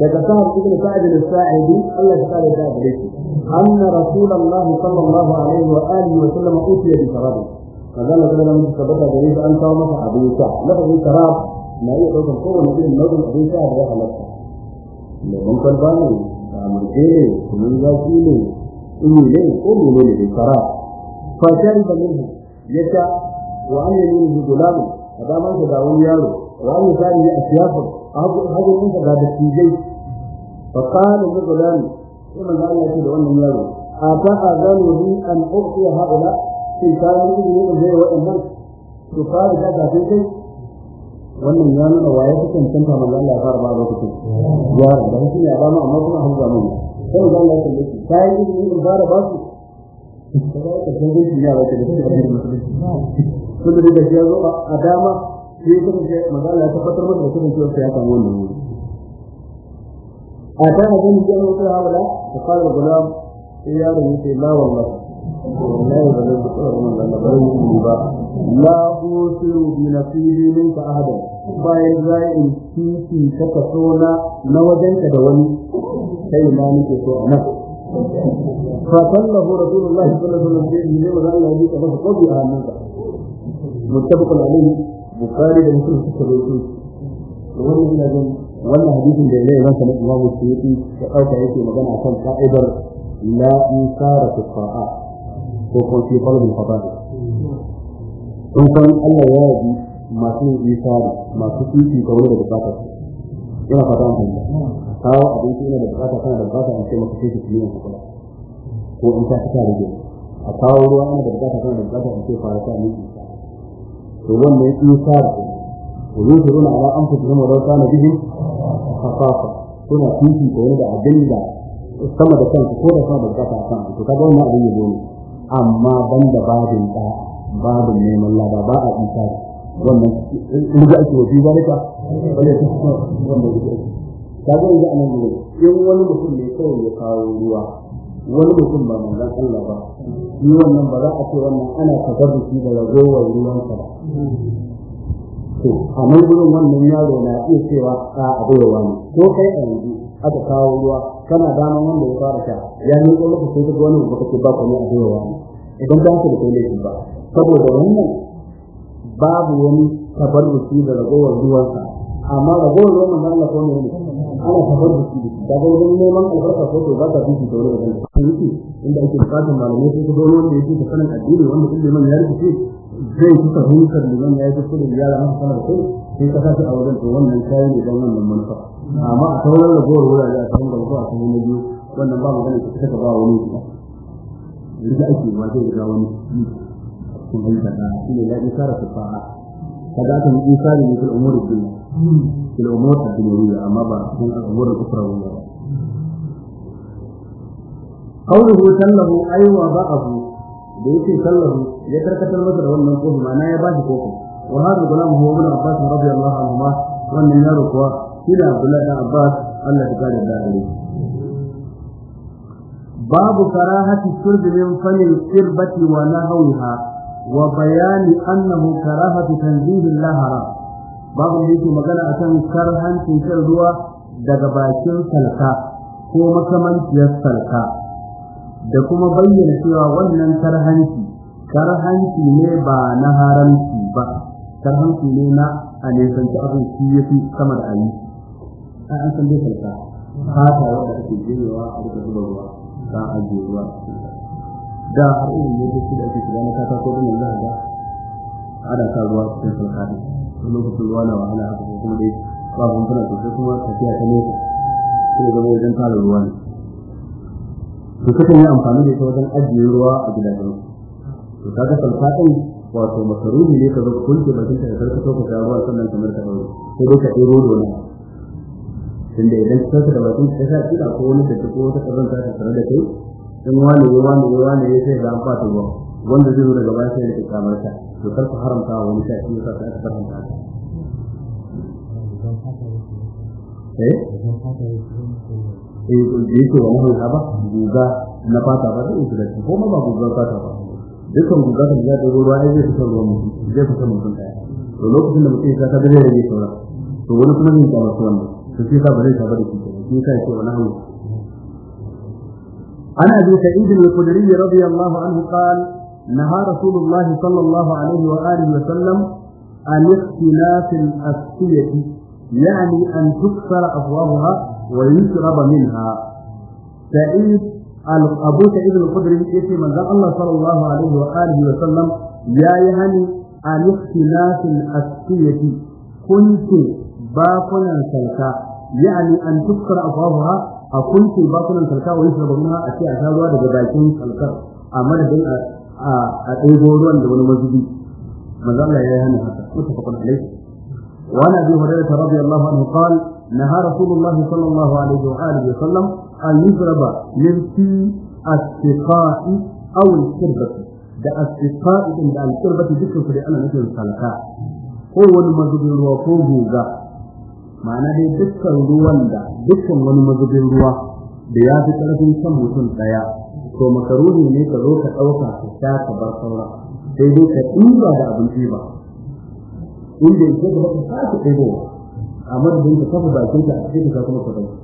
تتساهل ابن سعد الساعد الله تعالى سعد ليس أن رسول الله صلى الله عليه وآله وسلم أتي بسرابه فذلك كذلك من تستبدى جريب أنت ومسع أبي يسع لفظ الكراب ما هي قوة القوة نبيه النظر أبي يسع بغاها لك لهم كالباني فأمرجيني كلهم جاوكيني إني لين قولوا لي في الكراب فشارب منه يسع وأن يمين بجلاله أن أبقي هؤلاء shin ta yi ne da zai waɗannan to ka da ta kai kai wannan ya nuna wa ya fi ta manzo Allah ya fara ba lokacin ya da shi ne ba mu amma kuma har zamu ne sai manzo Allah ta yi ta yi ne da fara ba su ta san da shi ya ba ta yi da yi da ya zo a dama sai kuma sai manzo Allah da ta da kuma cewa sai ya samu wannan wuri a ta hadin da ya mutu hawala ta fara gulam sai ya rubuce la wallahi la usiru bi nafsihi minka ahadan bayan zai in titi ta kaso na na wajenka da wani sai ma nake so a nan fa sallahu rasulullahi sallallahu alaihi wasallam sai Allah ya yi masa kabi a hannunka muttafaqun alaihi bukhari da muslim suka rawaito wannan ina jin wannan hadisin da yayi masa na babu Suyuti da ɗauka yake magana kan ka'idar la isara fi ko kuma fi qalbul fadali in kan Allah ya yi masu isari masu kifi ga wani da bukata ina fata an fahimta kawo abinci ina da bukata kana da bukata in ce maka sai su ciye ku kula ko in ta fita rage a kawo ruwa ina da bukata kana da bukata in ce fara ta miki to wannan isari ويظهرون على أنفسهم ولو كان da خصاصة هنا كنتي تقول da أجل ده السمد كانت كورة سمد كانت عصام فكذا ما أبين يبوني amma ban da babin da babin neman lada ba a isa wannan ruga ake wa biza rika wanda ta kuma wannan ruga ake ta ga in wani mutum ne kawai ya kawo ruwa wani mutum ba manzan Allah ba shi wannan ba za a ce wannan ana tabarruki da ragowar ruwansa ba to a nan gurin wannan yaro na iya cewa a abuwa ne ko kai a yanzu aka kawo ruwa kana dama wanda ya fara ta ya ne ko maka da wani ba ka ce ba ko ne a doyawa idan ba ka da kai laifin ba saboda wannan babu wani tabarruki da ragowar ruwansa amma ragowar ruwan nan Allah ko ne ana tabarruki da shi daga wajen neman albarka ko to ba ka fiti da wani da kan yi inda ake bukatar malamai sai ka ga wanda yake da sanin addini wanda kullum ya rubuce zai kusa hunkar da liman ya yi kusa da yara masu sanar kai sai ka tashi a wajen to wannan kayan ne don wannan manufa amma a sauran ragowar wurare a sauran gaba a na biyu wannan ba magana ta saka ba wani shiga riga ake ba zai riga wani kun bai da ta shi ne la isara ta fa'a kada aka yi isari ne fil umuri dunya fil umuri dunya amma ba kun al'umur al-ukhra ba qawluhu sallahu aywa ba'ahu da yake sallahu ya karkatar masa da wannan kofi ma na ya ba shi kofi wa hada gulam huwa ibn abbas radiyallahu anhuma wannan yaro kuwa shine abdullahi dan abbas Allah ya kare da gare babu karahati shurbi min fanil qirbati wa nahwiha wa bayani annahu karahatu tanzilin lahara babu da yake magana akan karhancin shan ruwa daga bakin salka ko makamanciyar salka da kuma bayyana cewa wannan karhanci karhanci ne ba na haramci ba Kar karhanci ne na a nisanci abin shi ya fi sama da ayi a an san dai ta fata wanda ake jirewa a rika zuba ruwa ta ajiye ruwa da har iri ne shi da ake shiga na kata ko din yanzu ga ana sa ruwa cikin sarka din lokacin ruwa na wahala haka ko kuma dai ba gumfuna sosai kuma tafiya ta nesa sai zama wajen tara ruwa ne to sukan yi amfani da ita wajen ajiye ruwa a gidajen to kaga sarka ɗin wato makaruni ne ka zo kunce bakin ka karka so ka ruwa sannan kamar ka daure sai dai ka ɗero dole da idan ka da bakin ka sa kila ko wani da ko wata kazan ta tare da kai in wani ya wani ya wani ya sai ran fata ruwa wanda zai daga baya sai ya kamar ka to kar ka haramta wani sai ka ta ka ta eh eh to yi ko wani ba guga na fata ba zai yi ko ma ba guga fata ba dukkan bukatar da za ta ruwa ai zai fitar ruwan mutum zai fitar mutum ɗaya to lokacin da mutum ya sha ta zai rage sauran to wani kuma zai sha masu wannan to sai ka ba zai sha ba da shi shi ka ce wani hanyar عن ابي سعيد الخدري رضي الله عنه قال نهى رسول الله صلى الله عليه واله وسلم عن اختلاف الاسقيه يعني ان تكسر افواهها ويشرب منها سعيد abu ta ibn al-khudri yace manzon Allah sallallahu alaihi wa alihi wa sallam yayi hani an ikhtilaf al-asfiyati kuntu bakunan salka yani an tukra afwaha a kuntu bakunan salka wa yusrabu minha a ce a daga bakin salkar a madadin a ɗebo ruwan da wani mazubi manzon Allah yayi hani haka mutafaqun alaihi وعن ابي هريره رضي الله عنه قال نهى رسول الله صلى الله عليه واله وسلم an yuzraba yanki as-siqa'i aw al-kirbati da as-siqa'i din da al-kirbati dukkan su dai ana nufin salka ko wani mazubin ruwa ko guga ma'ana dai dukkan ruwan da dukkan wani mazubin ruwa da ya fi karfin kan mutum daya to makaruni ne ka zo ka ɗauka ka sha ka bar saura sai dai ka ɗiba da abinci ba inda ya ce ka ba ka sake ɗibowa amma da ka kafa bakin ka a cikin ka kuma ka ɗauka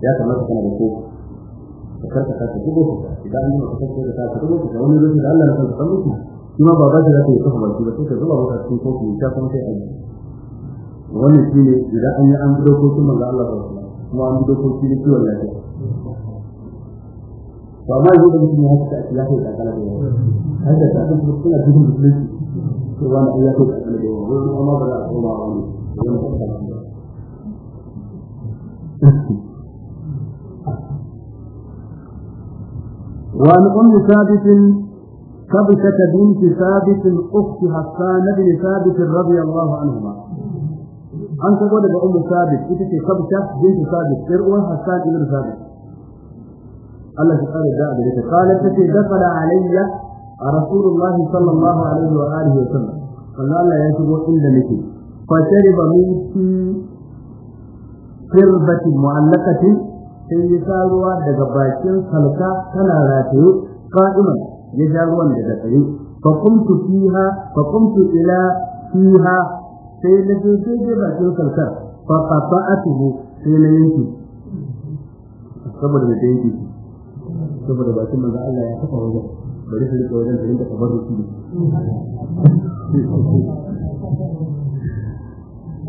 ya kamata kana da kofi ka karkata ka dubo idan an yi maka kofi da ka dubo ka wani lokaci da Allah na kanka mutu shi baba da zaka yi kafa baki ba sai ka zuba cikin kofi ya kuma sai a yi wannan shi ne idan an yi an bi dokokin manzo Allah ba kuma an bi dokokin ne kiwon lafiya to amma yanzu da mutum ya haka a lafiya ta kala da yawa har da ta kuma suna cikin musulunci to wani ya ko ta kala da yawa amma ba za a koma wani wani وعن أم ثابت قبشة بنت ثابت أخت حسان بن ثابت رضي الله عنهما عن تقول بأم ثابت إتتي قبشة بنت ثابت إرؤى حسان بن ثابت الله سبحانه جاء بذلك قال دخل علي رسول الله صلى الله عليه وآله وسلم قال لا يجب إلا نتي فشرب منك قربة معلقة sai ya sha ruwa daga bakin salka tana rataye qa'iman ya sha ruwan daga tsaye fa qumtu fiha fa qumtu ila fiha sai na je sai bakin salka fa qata'atuhu sai na yanki saboda da yanki saboda bakin manzo Allah ya kafa wajen bari su rika wajen da rinka tabarruki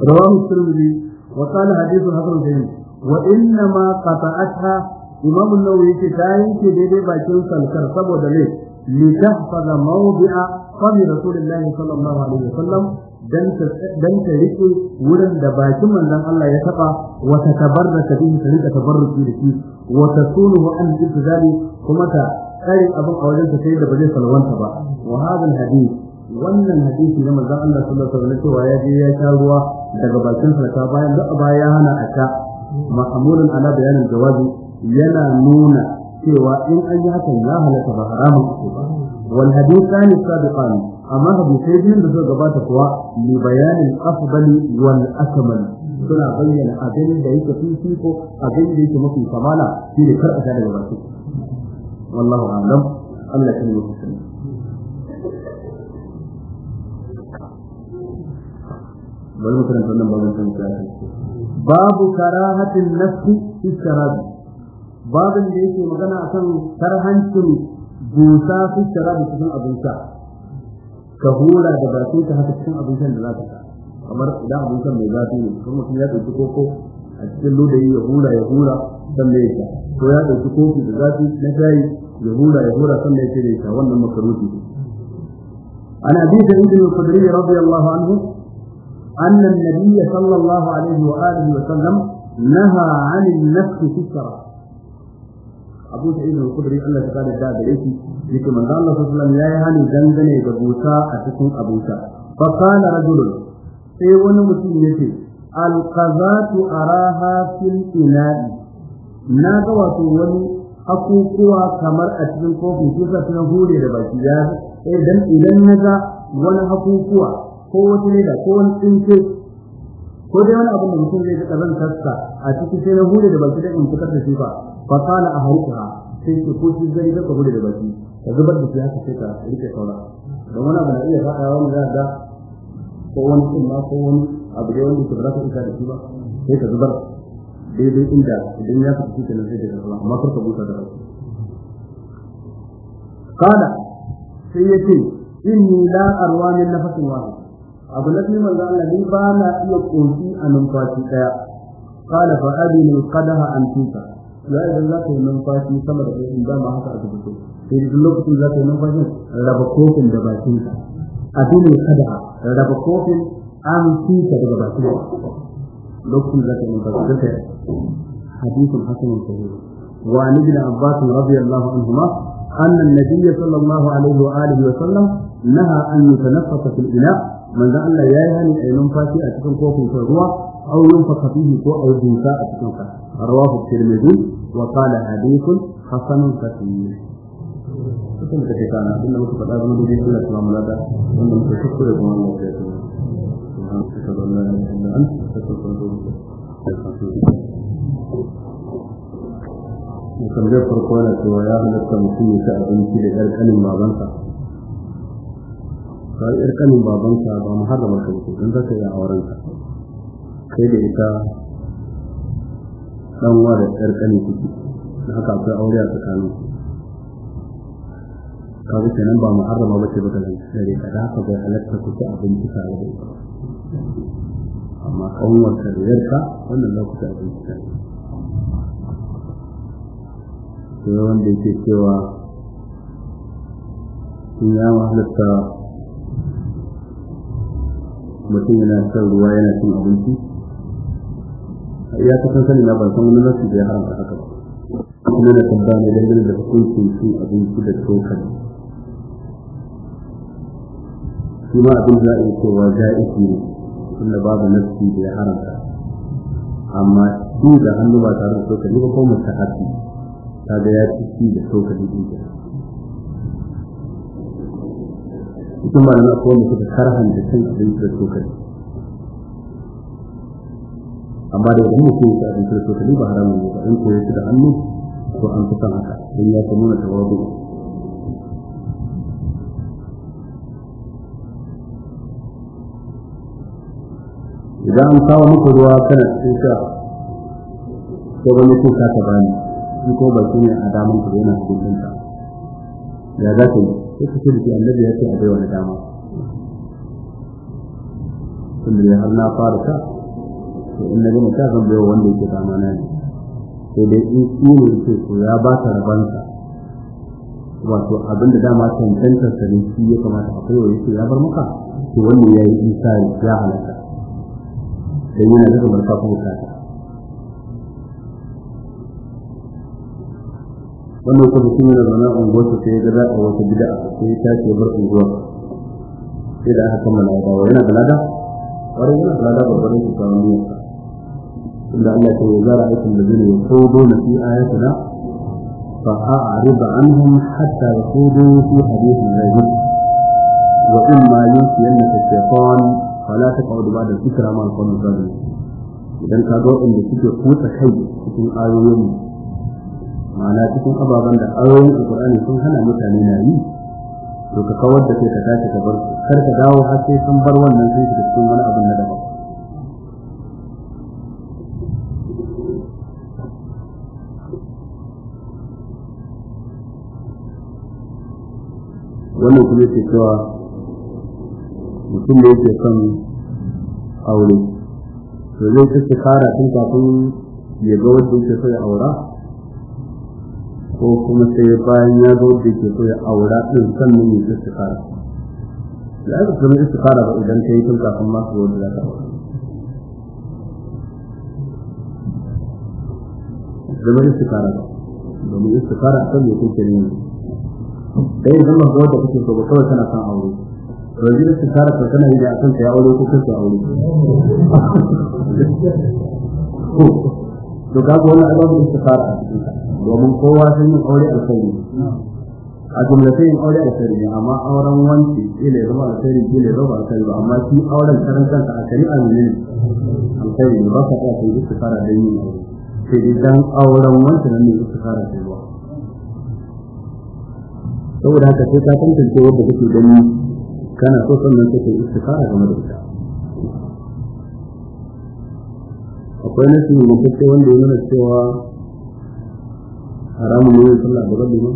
رواه الترمذي وقال حديث حسن جيد wa inna ma qata'atha imam an-nawawi yake ta yanke daidai bakin salkar saboda ne li tahfaza mawdi'a qami rasulillahi dan ta rike wurin da bakin manzon Allah ya taba wata ta tabarraka bihi ta rika tabarruki da shi wata sunu an ibtizali kuma ta kare abin a wajen ta sai da ba salwanta ba wa hadin, hadith wannan hadisi na manzon Allah sallallahu alaihi wasallam cewa ya je ya sha ruwa daga bakin sarka bayan da baya hana a sha محمول ala bayanin الجواز yana nuna cewa in an yi hakan ya بحرام ba haramun ake ba wal hadithani sabiqan amma hadisai لبيان da والأكمل gabata kuwa li bayanin afdali wal akmal suna bayyana abin da yake fifiko abin da yake mafi kamala shi ne kar a ta daga baki wallahu a'lam Allah ya yi bari babu karahatin nafsi istirabi babin da yake magana akan karhancin busa fi istirabi cikin abinsa ka hura da bakin ka haka cikin da za ka kamar idan abincin mai zafi ne kuma ya ɗauki koko a cikin ludayi ya hura ya hura sannan ya sha ko ya ɗauki kofi da zafi na shayi ya ya wannan makaruti ne عن أبي سعيد الخدري رضي الله عنه أن النبي صلى الله عليه وآله وسلم نهى عن النفس في الشرع أبو سعيد الخدري الله تعالى دا بريتي يقول من الله صلى الله عليه وسلم لا يهاني زنزنة ببوتا أتكون أبوتا فقال رجل sai wani mutum ya ce alƙazatu araha fil ina'i na ga wato wani hakukuwa kamar a cikin kofin kusa suna hure da baki ya idan idan na ga wani hakukuwa ko wata leda ko wani tsinke ko dai wani abin da mutum zai ga zan tasta a cikin sai na hude da baki da in fitar da shi ba fa a ahruha sai ke ko shi zai ga hude da baki ka zubar da shi sai ka rike saura don wani abu na iya faɗa wani za ga ko wani tsumma ko wani abu da wani ba ka isa da shi ba sai ka zubar daidai inda idan ya fi cikin nan sai da ruwa amma kar ka buta da ruwa qala sai ce inni la arwa min nafasin wahid abu na biyu manzo Allah ni ba na iya koshi a numfashi daya qala fa adina qadaha an tuka ya idan za ka yi numfashi sama da in dama haka a rubuce sai duk lokacin za ka yi numfashin raba kofin da bakin ka adina qadaha raba kofin an tuka daga bakin ka lokacin za ka yi numfashi da حديث حسن صحيح وعن ابن عباس رضي الله عنهما أن النبي صلى الله عليه وآله وسلم نهى أن يتنفس في الإناء من ذا الله يا يعني أي نمفاتي أتكن كوفي في الروح أو ينفق فيه كو أو جنساء أتكن رواه الترمذي وقال حديث حسن كثير كما تكتانا إن الله قد أعلم بذي كل أسلام لدى إن الله قد شكر لكم الله سبحانه وتعالى أشهد أنت أستغفرك وأتوب وكم جبت القوانا سوى يا أهل السمسين شعب أنت لأهل أنم ما ظنك ba yar kanin babanka ba muharrama ka ba dan zaka yi auren ka kai da ita dan wa da yar kanin kuki da haka akwai aure a tsakanin ka ga kenan ba mu muharrama ba ce ba kan dare ka da ka bai halatta ku ci abinci tare da ita amma kanwar ka da yarka wannan lokacin abinci tare sai wanda yake cewa in ya halatta mutum yana shan ruwa yana cin abinci ya kasan sani na ban san wani nasu da ya haramta haka ba kuma na tabbata ne dangane da hukuncin cin abinci da cokali shi ma abin da ya cewa ja'iki ne tunda babu nasu da ya haramta amma duk da hannu ba tare da cokali ba ko mutahafi ta ga ya ci da cokali din cikin malamai akwai wanda suka karhan da cin abinci da cokali amma da idan mutum ya ci abinci da cokali ba haramun ne ba in koya shi da hannu to an fi san haka don ya fi nuna tawadu idan an kawo muku ruwa kana cikin sha sai wani kun ka ta bani in ko ba shi ne a damar ka yana cikin ɗinka ya za ka yi sai ka ce da annabi ya ce a baiwa na dama tunda da har na fara ta to in na gama ta zan wanda yake dama na ne sai dai in shi ne ce ko ya ba ta rabansa wato abinda dama cancanta sa ne shi ya kamata a kaiwa yake ya bar maka to wannan yayi yi isa ya halatta dan yana da kamar kafin bukata wannan kuma sun yana zaune a unguwarsa sai ya gada a wata gida sai ya tashi ya bar unguwar sai da aka kammala ya dawo yana da lada ƙwarar yana da lada babban su samu niyyar inda Allah ta yi zara aikin da zai yi ko dole fi ayatuna fa a'rid anhum hatta yaqudu fi hadithin rajul wa imma yunsiyannaka shaytan fala taq'ud ba'da dhikra ma al-qawmi idan ka ga wanda suke kuta kai cikin ayoyin ma'ana cikin ababen da ayoyin alkur'ani sun hana mutane na yi to ka kawar da kai ka tashi ka bar kar ka dawo har sai sun bar wannan sun shiga cikin wani abin na daban wannan kuma ke cewa mutum da yake son aure to zai ta kara tun kafin ya ga wanda yake ya aura ko kuma sai bayan ya zo da ke so ya aura din sannan ya ta istikhara da aka kuma istikhara ba idan ta yi tun kafin ma su wanda za ta aura zama istikhara ba domin istikhara a kan mutum ke ne dai idan ma ga da kake so ba kawai kana kan aure rajin istikhara ka kana yi da akan ta ya aure ko ta aure to ga wannan alamun istikhara a cikin ka domin kowa sun yi aure alkhairi a jumlatai yin aure alkhairi ne amma auren wanci ile zama alkhairi ile zama alkhairi ba amma shi auren karan kanta a shari'a ne alkhairi ne ba ka ta yi tsakara da yin aure sai idan auren wanci nan ne istikara da yawa saboda haka sai ka tantance wanda kake gani kana so sannan kake istikara game da ita akwai nasi mai wanda ya nuna cewa haramun ne sallah da rabbi ne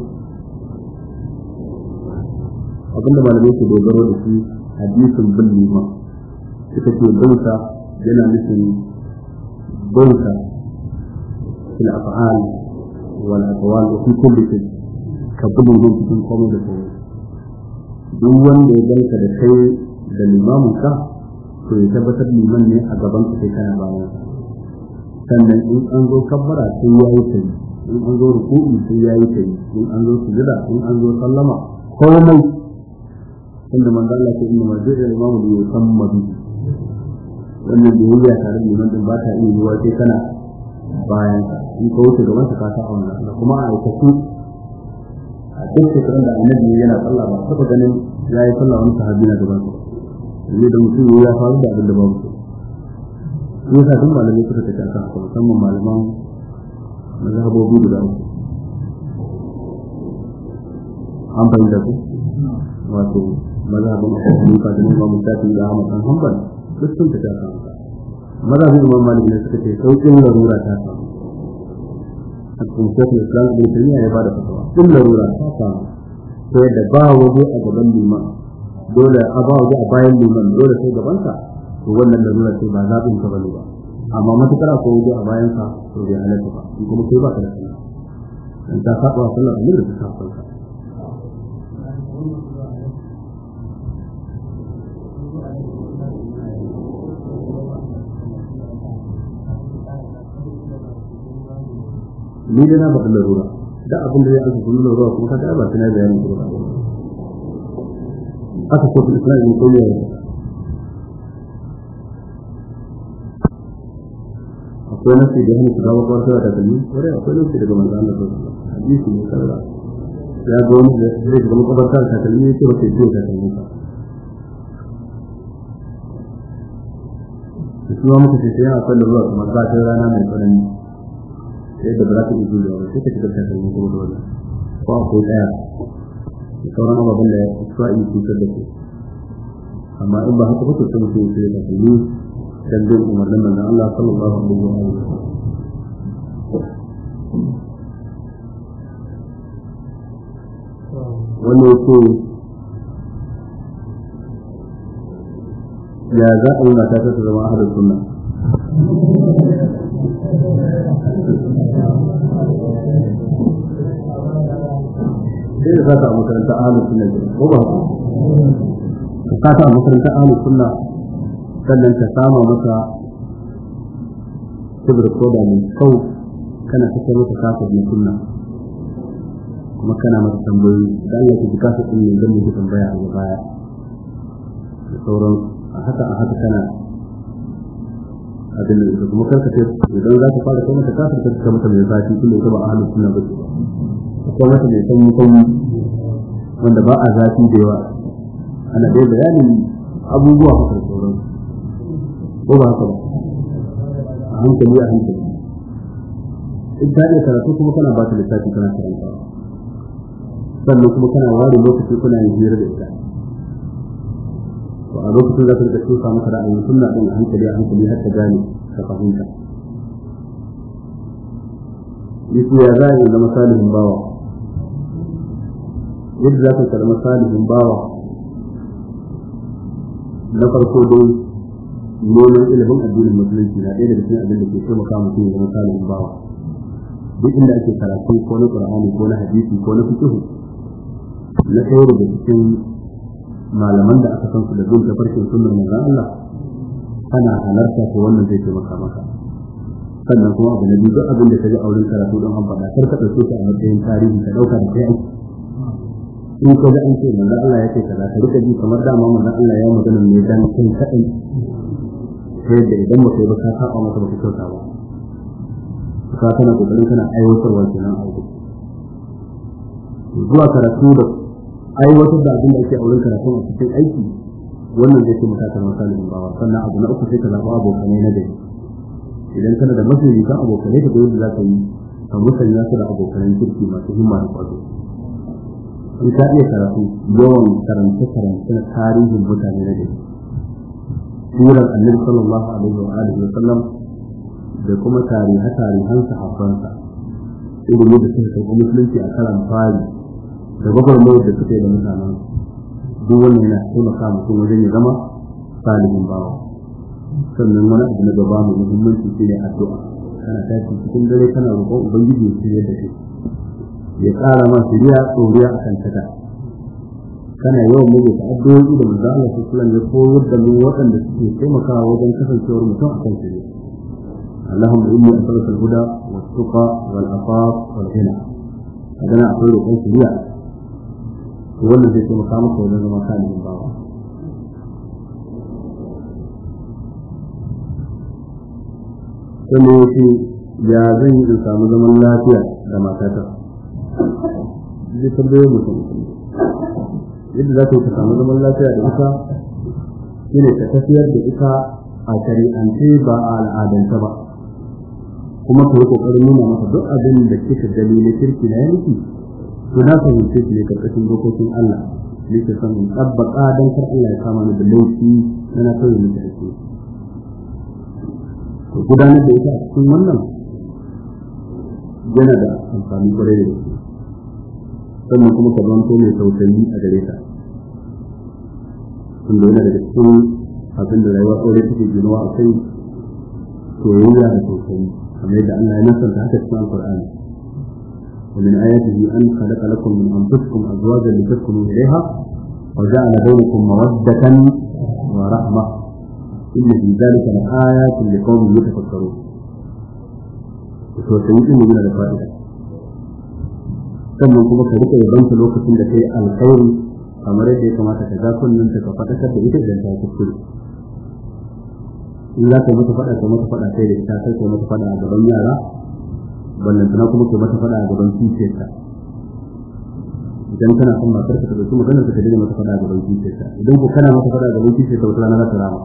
abinda malamai ke dogaro da shi hadisin bin lima suka ce bauta yana nufin bauta fil af'al wal aqwal wa fi kulli shay ka gudun gun cikin komai da komai duk wanda ya ganka da kai da limamin ka to ya tabbatar liman ne a gaban ka sai kana bayan sannan in an zo kabbara sai yayi tayi in an zo ruku'i sai ya yi tayi in an zo sujada in an zo sallama komai inda manzo Allah ke inna mai jira imamu ya san mabi wannan da yayi ya tare nan din ba ta iya yi sai kana bayan ka in ka wuce gaban ka ta auna da kuma a aikatu a duk shekarun da annabi yana sallah ba saba ganin ya yi sallah wani sahabi na gaban ka ne da mutum ya faru da abin da babu su. Yasa duk malamai suka tafi kan musamman malaman mazhabobi guda uku an da ku wato mazhabin hanifa da imam shafi da ahmad kan hanbal duk sun fita kan mazhabin imam malik ne suka ce sauƙin larura ta samu a cikin shafi islam ibn taymiya ya bada fatawa in larura ta samu ta yadda ba waje a gaban liman dole a ba waje a bayan liman dole sai gabanka to wannan larura ce ba zaɓin ka bane ba amma matukar ko wuce a bayan sa to bai halatta ba in kuma kai ba ka da sallah dan ta saba wa sallah ne da ta saba ka ni da na faɗi larura da abin da zai aka kuma larura kuma ka ga ba ta na bayanin kuma aka ta fi islam ne ko na ce da hannun su kawo kawar akwai daga manzo Allah ko hadisi ne ya ga wani da zai ce ba su ma muka ce sai a kwallon ruwa kamar ba ta rana mai tsanani sai da yi sai ka da ko da sauran da ya amma in ba haka ba sai dan bin umarnin manzon Allah sallallahu alaihi wa sallam ya za a yi mata ta zama ahlus sunna sai da makaranta ahlus sunna ko ba ka makaranta sunna sannan ta sama masa tubur koda mai kau kana fitar masa kafin na sunna kuma kana masa tambayoyi da Allah ta bukata sun yi zan yi tambaya a baya da sauran a haka a haka kana abin da ita kuma karka ce idan za ka fara kai mata kafin ka fita mata mai zafi tun da ita ba a halin sunna ba ko mata mai sanyi sanyi wanda ba a zafi da yawa ana dai bayanin abubuwa haka ko ba haka ba a hankali a hankali in ta iya karatu kuma kana ba ta littafi kana karanta sannan kuma kana ware lokaci kuna yin hira da ita to a lokacin za ka rika tusa maka ra'ayin sunna din a hankali a hankali har ta gane ka fahimta yake ya za a yi zama salihin bawa yadda za ka kalma salihin bawa na farko dai nonon ilimin addinin musulunci na ɗaya daga cikin abin da ke taimaka mutum ya zama salihin bawa duk inda ake karatu ko na qur'ani ko na hadisi ko na fiqh na ɗaya daga cikin malaman da aka san su da bin tafarkin sunnar manzon Allah ana halarta ko wannan zai taimaka maka sannan kuma abu na biyu duk abin da ka ji auren karatu don an faɗa kar ka ɗauke a matsayin tarihi ka ɗauka da kai in ka ga an ce manzon Allah ya ce kaza ka rika ji kamar dama manzon Allah ya magana ne dan kai kaɗai. ta yadda idan mutum ya ka saba masa ba ka kyauta ba ka kana kokarin kana aiwatarwa kenan a wurin zuwa karatu da aiwatar da abin da ake a wurin karatu a cikin aiki wannan zai ce maka kamar salihin bawa sannan abu na uku sai ka zaɓa abokanai na gari idan kana da masoyi kan abokanai ka yadda za ka yi ka musanya su da abokanan kirki masu himma da ƙwazo in ka iya karatu yawan karance-karance na tarihin mutane na gari suran annabi sallallahu alaihi wa alihi wa sallam da kuma tarihi tarihan sahabbansa irin da suka karɓi musulunci a kala fari da gwagwarmayar da suka yi da mutanen duk wannan yana taimaka mutum wajen ya zama salihin bawa sannan wani abu na gaba mai muhimmanci shine addu'a da kai ya ƙara ma a kan kana yau muke addu'o'i da manzo Allah sallallahu alaihi wasallam ya koyar da mu شور suke taimakawa wajen kasancewar mutum a kan shirye. اللهم إني أسألك الهدى والتقى والعفاف والغنى أدنى أقول لك أي هو الذي في مقامك ولا ما كان من بابا ثم يأتي جازين إنسان لما لا تيا لما تتا لتربية yadda za ta yi ka samu zaman lafiya da ita shine ka tafiyar da ita a shari'ance ba a al'adance ba kuma ta yi kokarin nuna masa duk abin da kika gani na kirki na yanki to na fahimce shi ne karkashin dokokin Allah ne ka san in tabbaka dan kar Allah ya kama ni da laifi na kawai miki ake to gudanar da ita a cikin wannan yana da amfani kwarai da gaske sannan kuma ka zanto mai sautani a gare ta kullu yana da su abin da rayuwa kawai take ginuwa a kai to yana da sosai kamar yadda Allah ومن آياته أن خلق لكم من أنفسكم أزواجا لتسكنوا إليها وجعل بينكم مودة ورحمة إن في ذلك لآيات لقوم يتفكرون وسوى سيئة من الفائدة ثم أنكم بكرة يبنت الوقت عند شيء الخير kamar yadda ya kamata ka ga nan ka fadakar da ita idan ta kuskure in za ka mata fada ka mata fada sai da ita sai ka mata fada a gaban yara wannan tana kuma ka mata fada a gaban kishiyarta idan kana son matar ka ta dauki maganar ka daina mata fada a gaban kishiyarta idan ku kana mata fada a gaban kishiyarta wata na za ta rama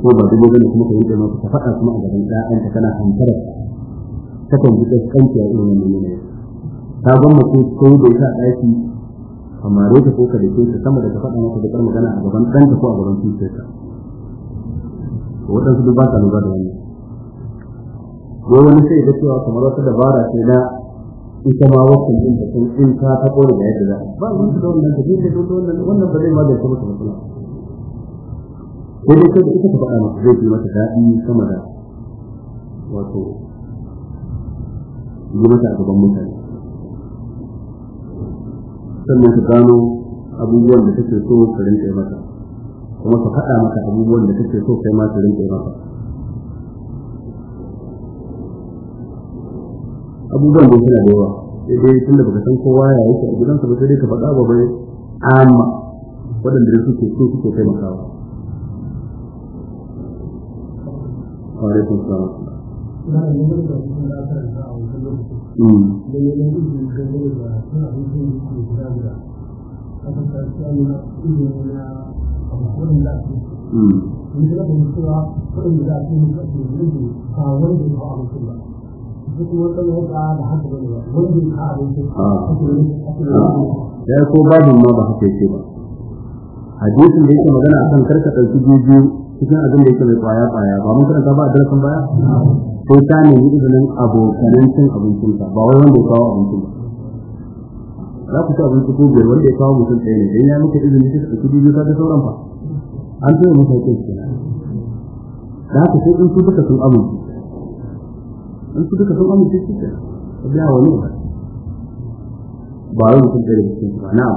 ko ba duk wani kuma ka yi mata ka fada kuma a gaban ɗayan ta kana hankara ta kan ji kanta a irin wannan yanayin ta gwamma ko kai da ita ɗaki kamare ta ko da ke ta sama da ka faɗa maka da magana a gaban ɗanta ko a gaban cutarka waɗansu duk ba ta lura da wani ko wani sai ga cewa kamar wata dabara ce na ita ma wata ɗin da sun ɗin ta ta ƙone da yadda za ba wani su da wannan da biyu da dole wannan wannan ba zai ma da ya masa matsala ko dai kai da ita ta faɗa maka zai fi mata daɗi sama da wato yi mata a gaban mutane sannan ka gano abubuwan da kake so ka rinka maka kuma ka faɗa maka abubuwan da kake so kai ma ka rinka maka abubuwan da suna da yawa sai dai da baka san kowa ya yi a gidansa ba sai dai ka faɗa ba bai amma waɗanda da suke so suke taimakawa alaikum salam ya ko babu ma ba haka yake ba hadisin da yake magana akan karka ɗauki biyu cikin abin da yake mai kwaya kwaya ba mun karanta ba a darasin baya ko ta nemi izinin abokanan cin ka ba wai wanda ya kawo abincin ba za ku ci abinci ko biyar wanda ya kawo mutum ɗaya ne dan ya muke izinin shi su dubi ka da sauran fa an tsaye masa ya kai da haka sai in su duka sun amince in su duka sun amince shi ke ba wani ba ba wani mutum ɗaya da cikin ba na'am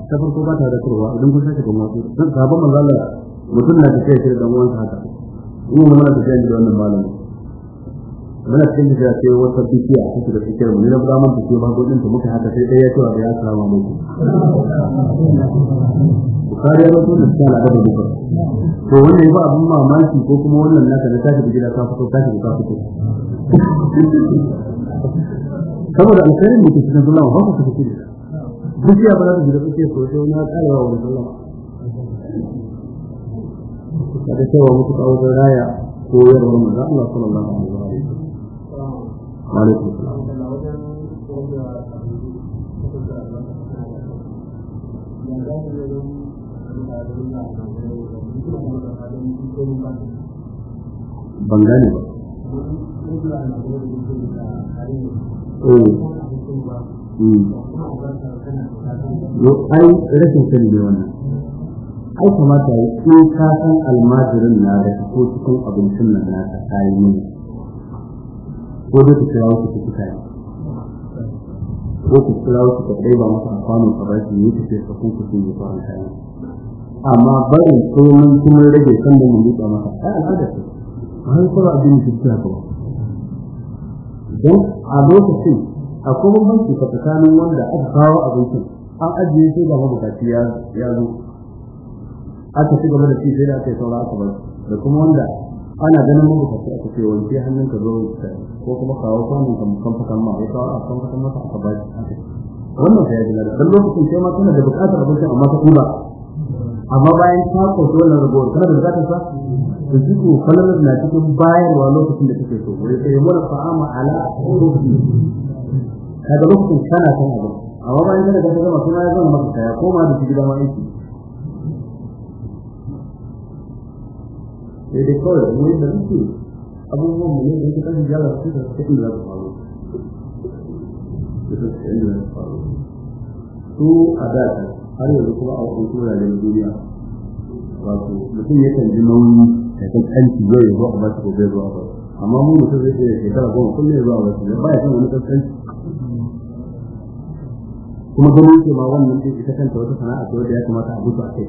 ta farko ba ta da kurwa idan kun sake kuma dan sabon manzo Allah mutum na tafiya shi da uwansa haka kuma mun na tafiya da wannan malami muna cikin da ce wata bikiya a cikin da cikin mu ne ba mun tafiya ba godin ta muka haka sai dai ya tura da ya salama muku kare ya mutu da tsala da bukar to wannan ba abun mamaki ko kuma wannan naka da tafi gida ka fito tafi ka fito saboda alkhairin mutum cikin zuwa ba ku tafi gida bishiya ba za ta shiga tsakiya ko sai ya kala wa wani sallah kada cewa mutu kawo zai raya koyarwar manzo Allah sallallahu alaihi wa sallam alaikum salam ban gane ba eh. hmm. ai rashin sani ne wannan ai kamata ya ce ka san almajirin na da ko cikin abincin nan na ta kayi mini ko da ta kira wasu kuka kai ko ku kira wasu ka ɗaya ba masa amfani ka ba shi ne ta ce ka kuka sun yi faran kayan amma barin komai kuma rage san da mun buɗa masa ai al'ada ce a hankali abin da ta ba don a lokacin akwai bambanci tsakanin wanda aka kawo abincin an ajiye shi ga mabukaci ya zo aka ci gaba da ci sai da aka yi saura aka bar da kuma wanda ana ganin mabukaci aka ce wanke hannun ka zo ko kuma kawo kwanan ka kan fakan ma ya kawo a kan fakan masa aka ba shi aka wannan sai ya ji da lokacin sai ma tana da bukatar abincin amma ta kuma amma bayan ta kwaso wannan ragowar kana da bukatar sa da zuku falalar na cikin bayarwa lokacin da take so wai sai mura fa'ama ala ruhi kaga lokacin kana kan abin amma bayan da ka gama kuma ya zama maka kaya koma da cikin gida ma aiki sai dai kawai mu yi da rufe abubuwan mu ne da yake kashin jala su da su da su su a dace har yanzu kuma a wasu wuraren duniya wato mutum ya kan nauyi da kan kanci yau ya zo a basu gobe zuwa ba amma mu mutum zai ce shekara goma kullum ya zo a basu ba ya kan wani kanci kuma ganin cewa wannan ce ita kanta wata sana'a ce wadda ya kamata a mutu a kai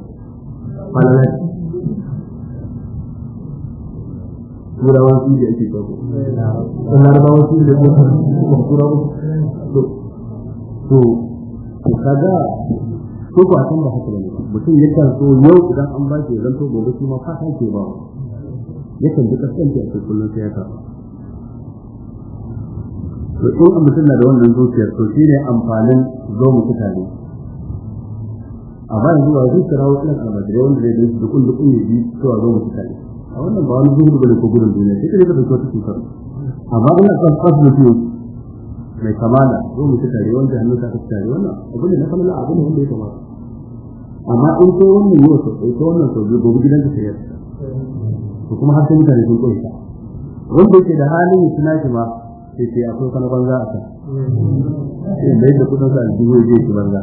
falala turawan su da ake babu ɗan larabawan su da kuma turawan to to to kaga ko ko a ba haka ne mutum yakan so yau idan an ba shi zanto gobe shi ma fata ke ba yakan duka kanki a cikin sai ya karɓa to in mutum na da wannan zuciyar to shi ne amfanin zo mu kuta ne a ba yanzu ba zuciyar kira wasu almajirai wanda zai yanzu dukun dukun ya bi cewa zo mu kuta ne a wannan ba wani zuhudu bane ko gudun duniya sai kare ka da wata cutar amma ina kan kasu da su mai kamala zo mu kuta ne wanda hannu ta fita ne wannan abu ne na kamala abu ne wanda ya kamata amma in ko wannan yau ta ɗaya ko wannan sau biyu gobe gidan sai ya fita Ko kuma har sai mutane sun ta wanda yake da halin suna shi ma sai ce akwai kana banza a kan sai da yadda kudin sa aljihu zai ci banza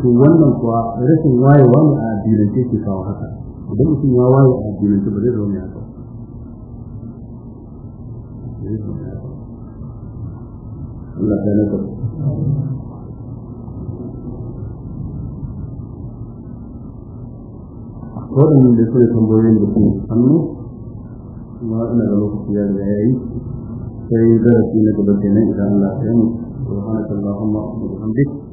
to wannan kuwa rashin wayewa a addinance ke kawo haka idan mutum ya waye a addinance ba zai Allah da tambayoyin da su hannu kuma ina da lokaci ya da yayi sai darasi na gaba kenan idan Allah ya mu subhanakallahumma wa bihamdika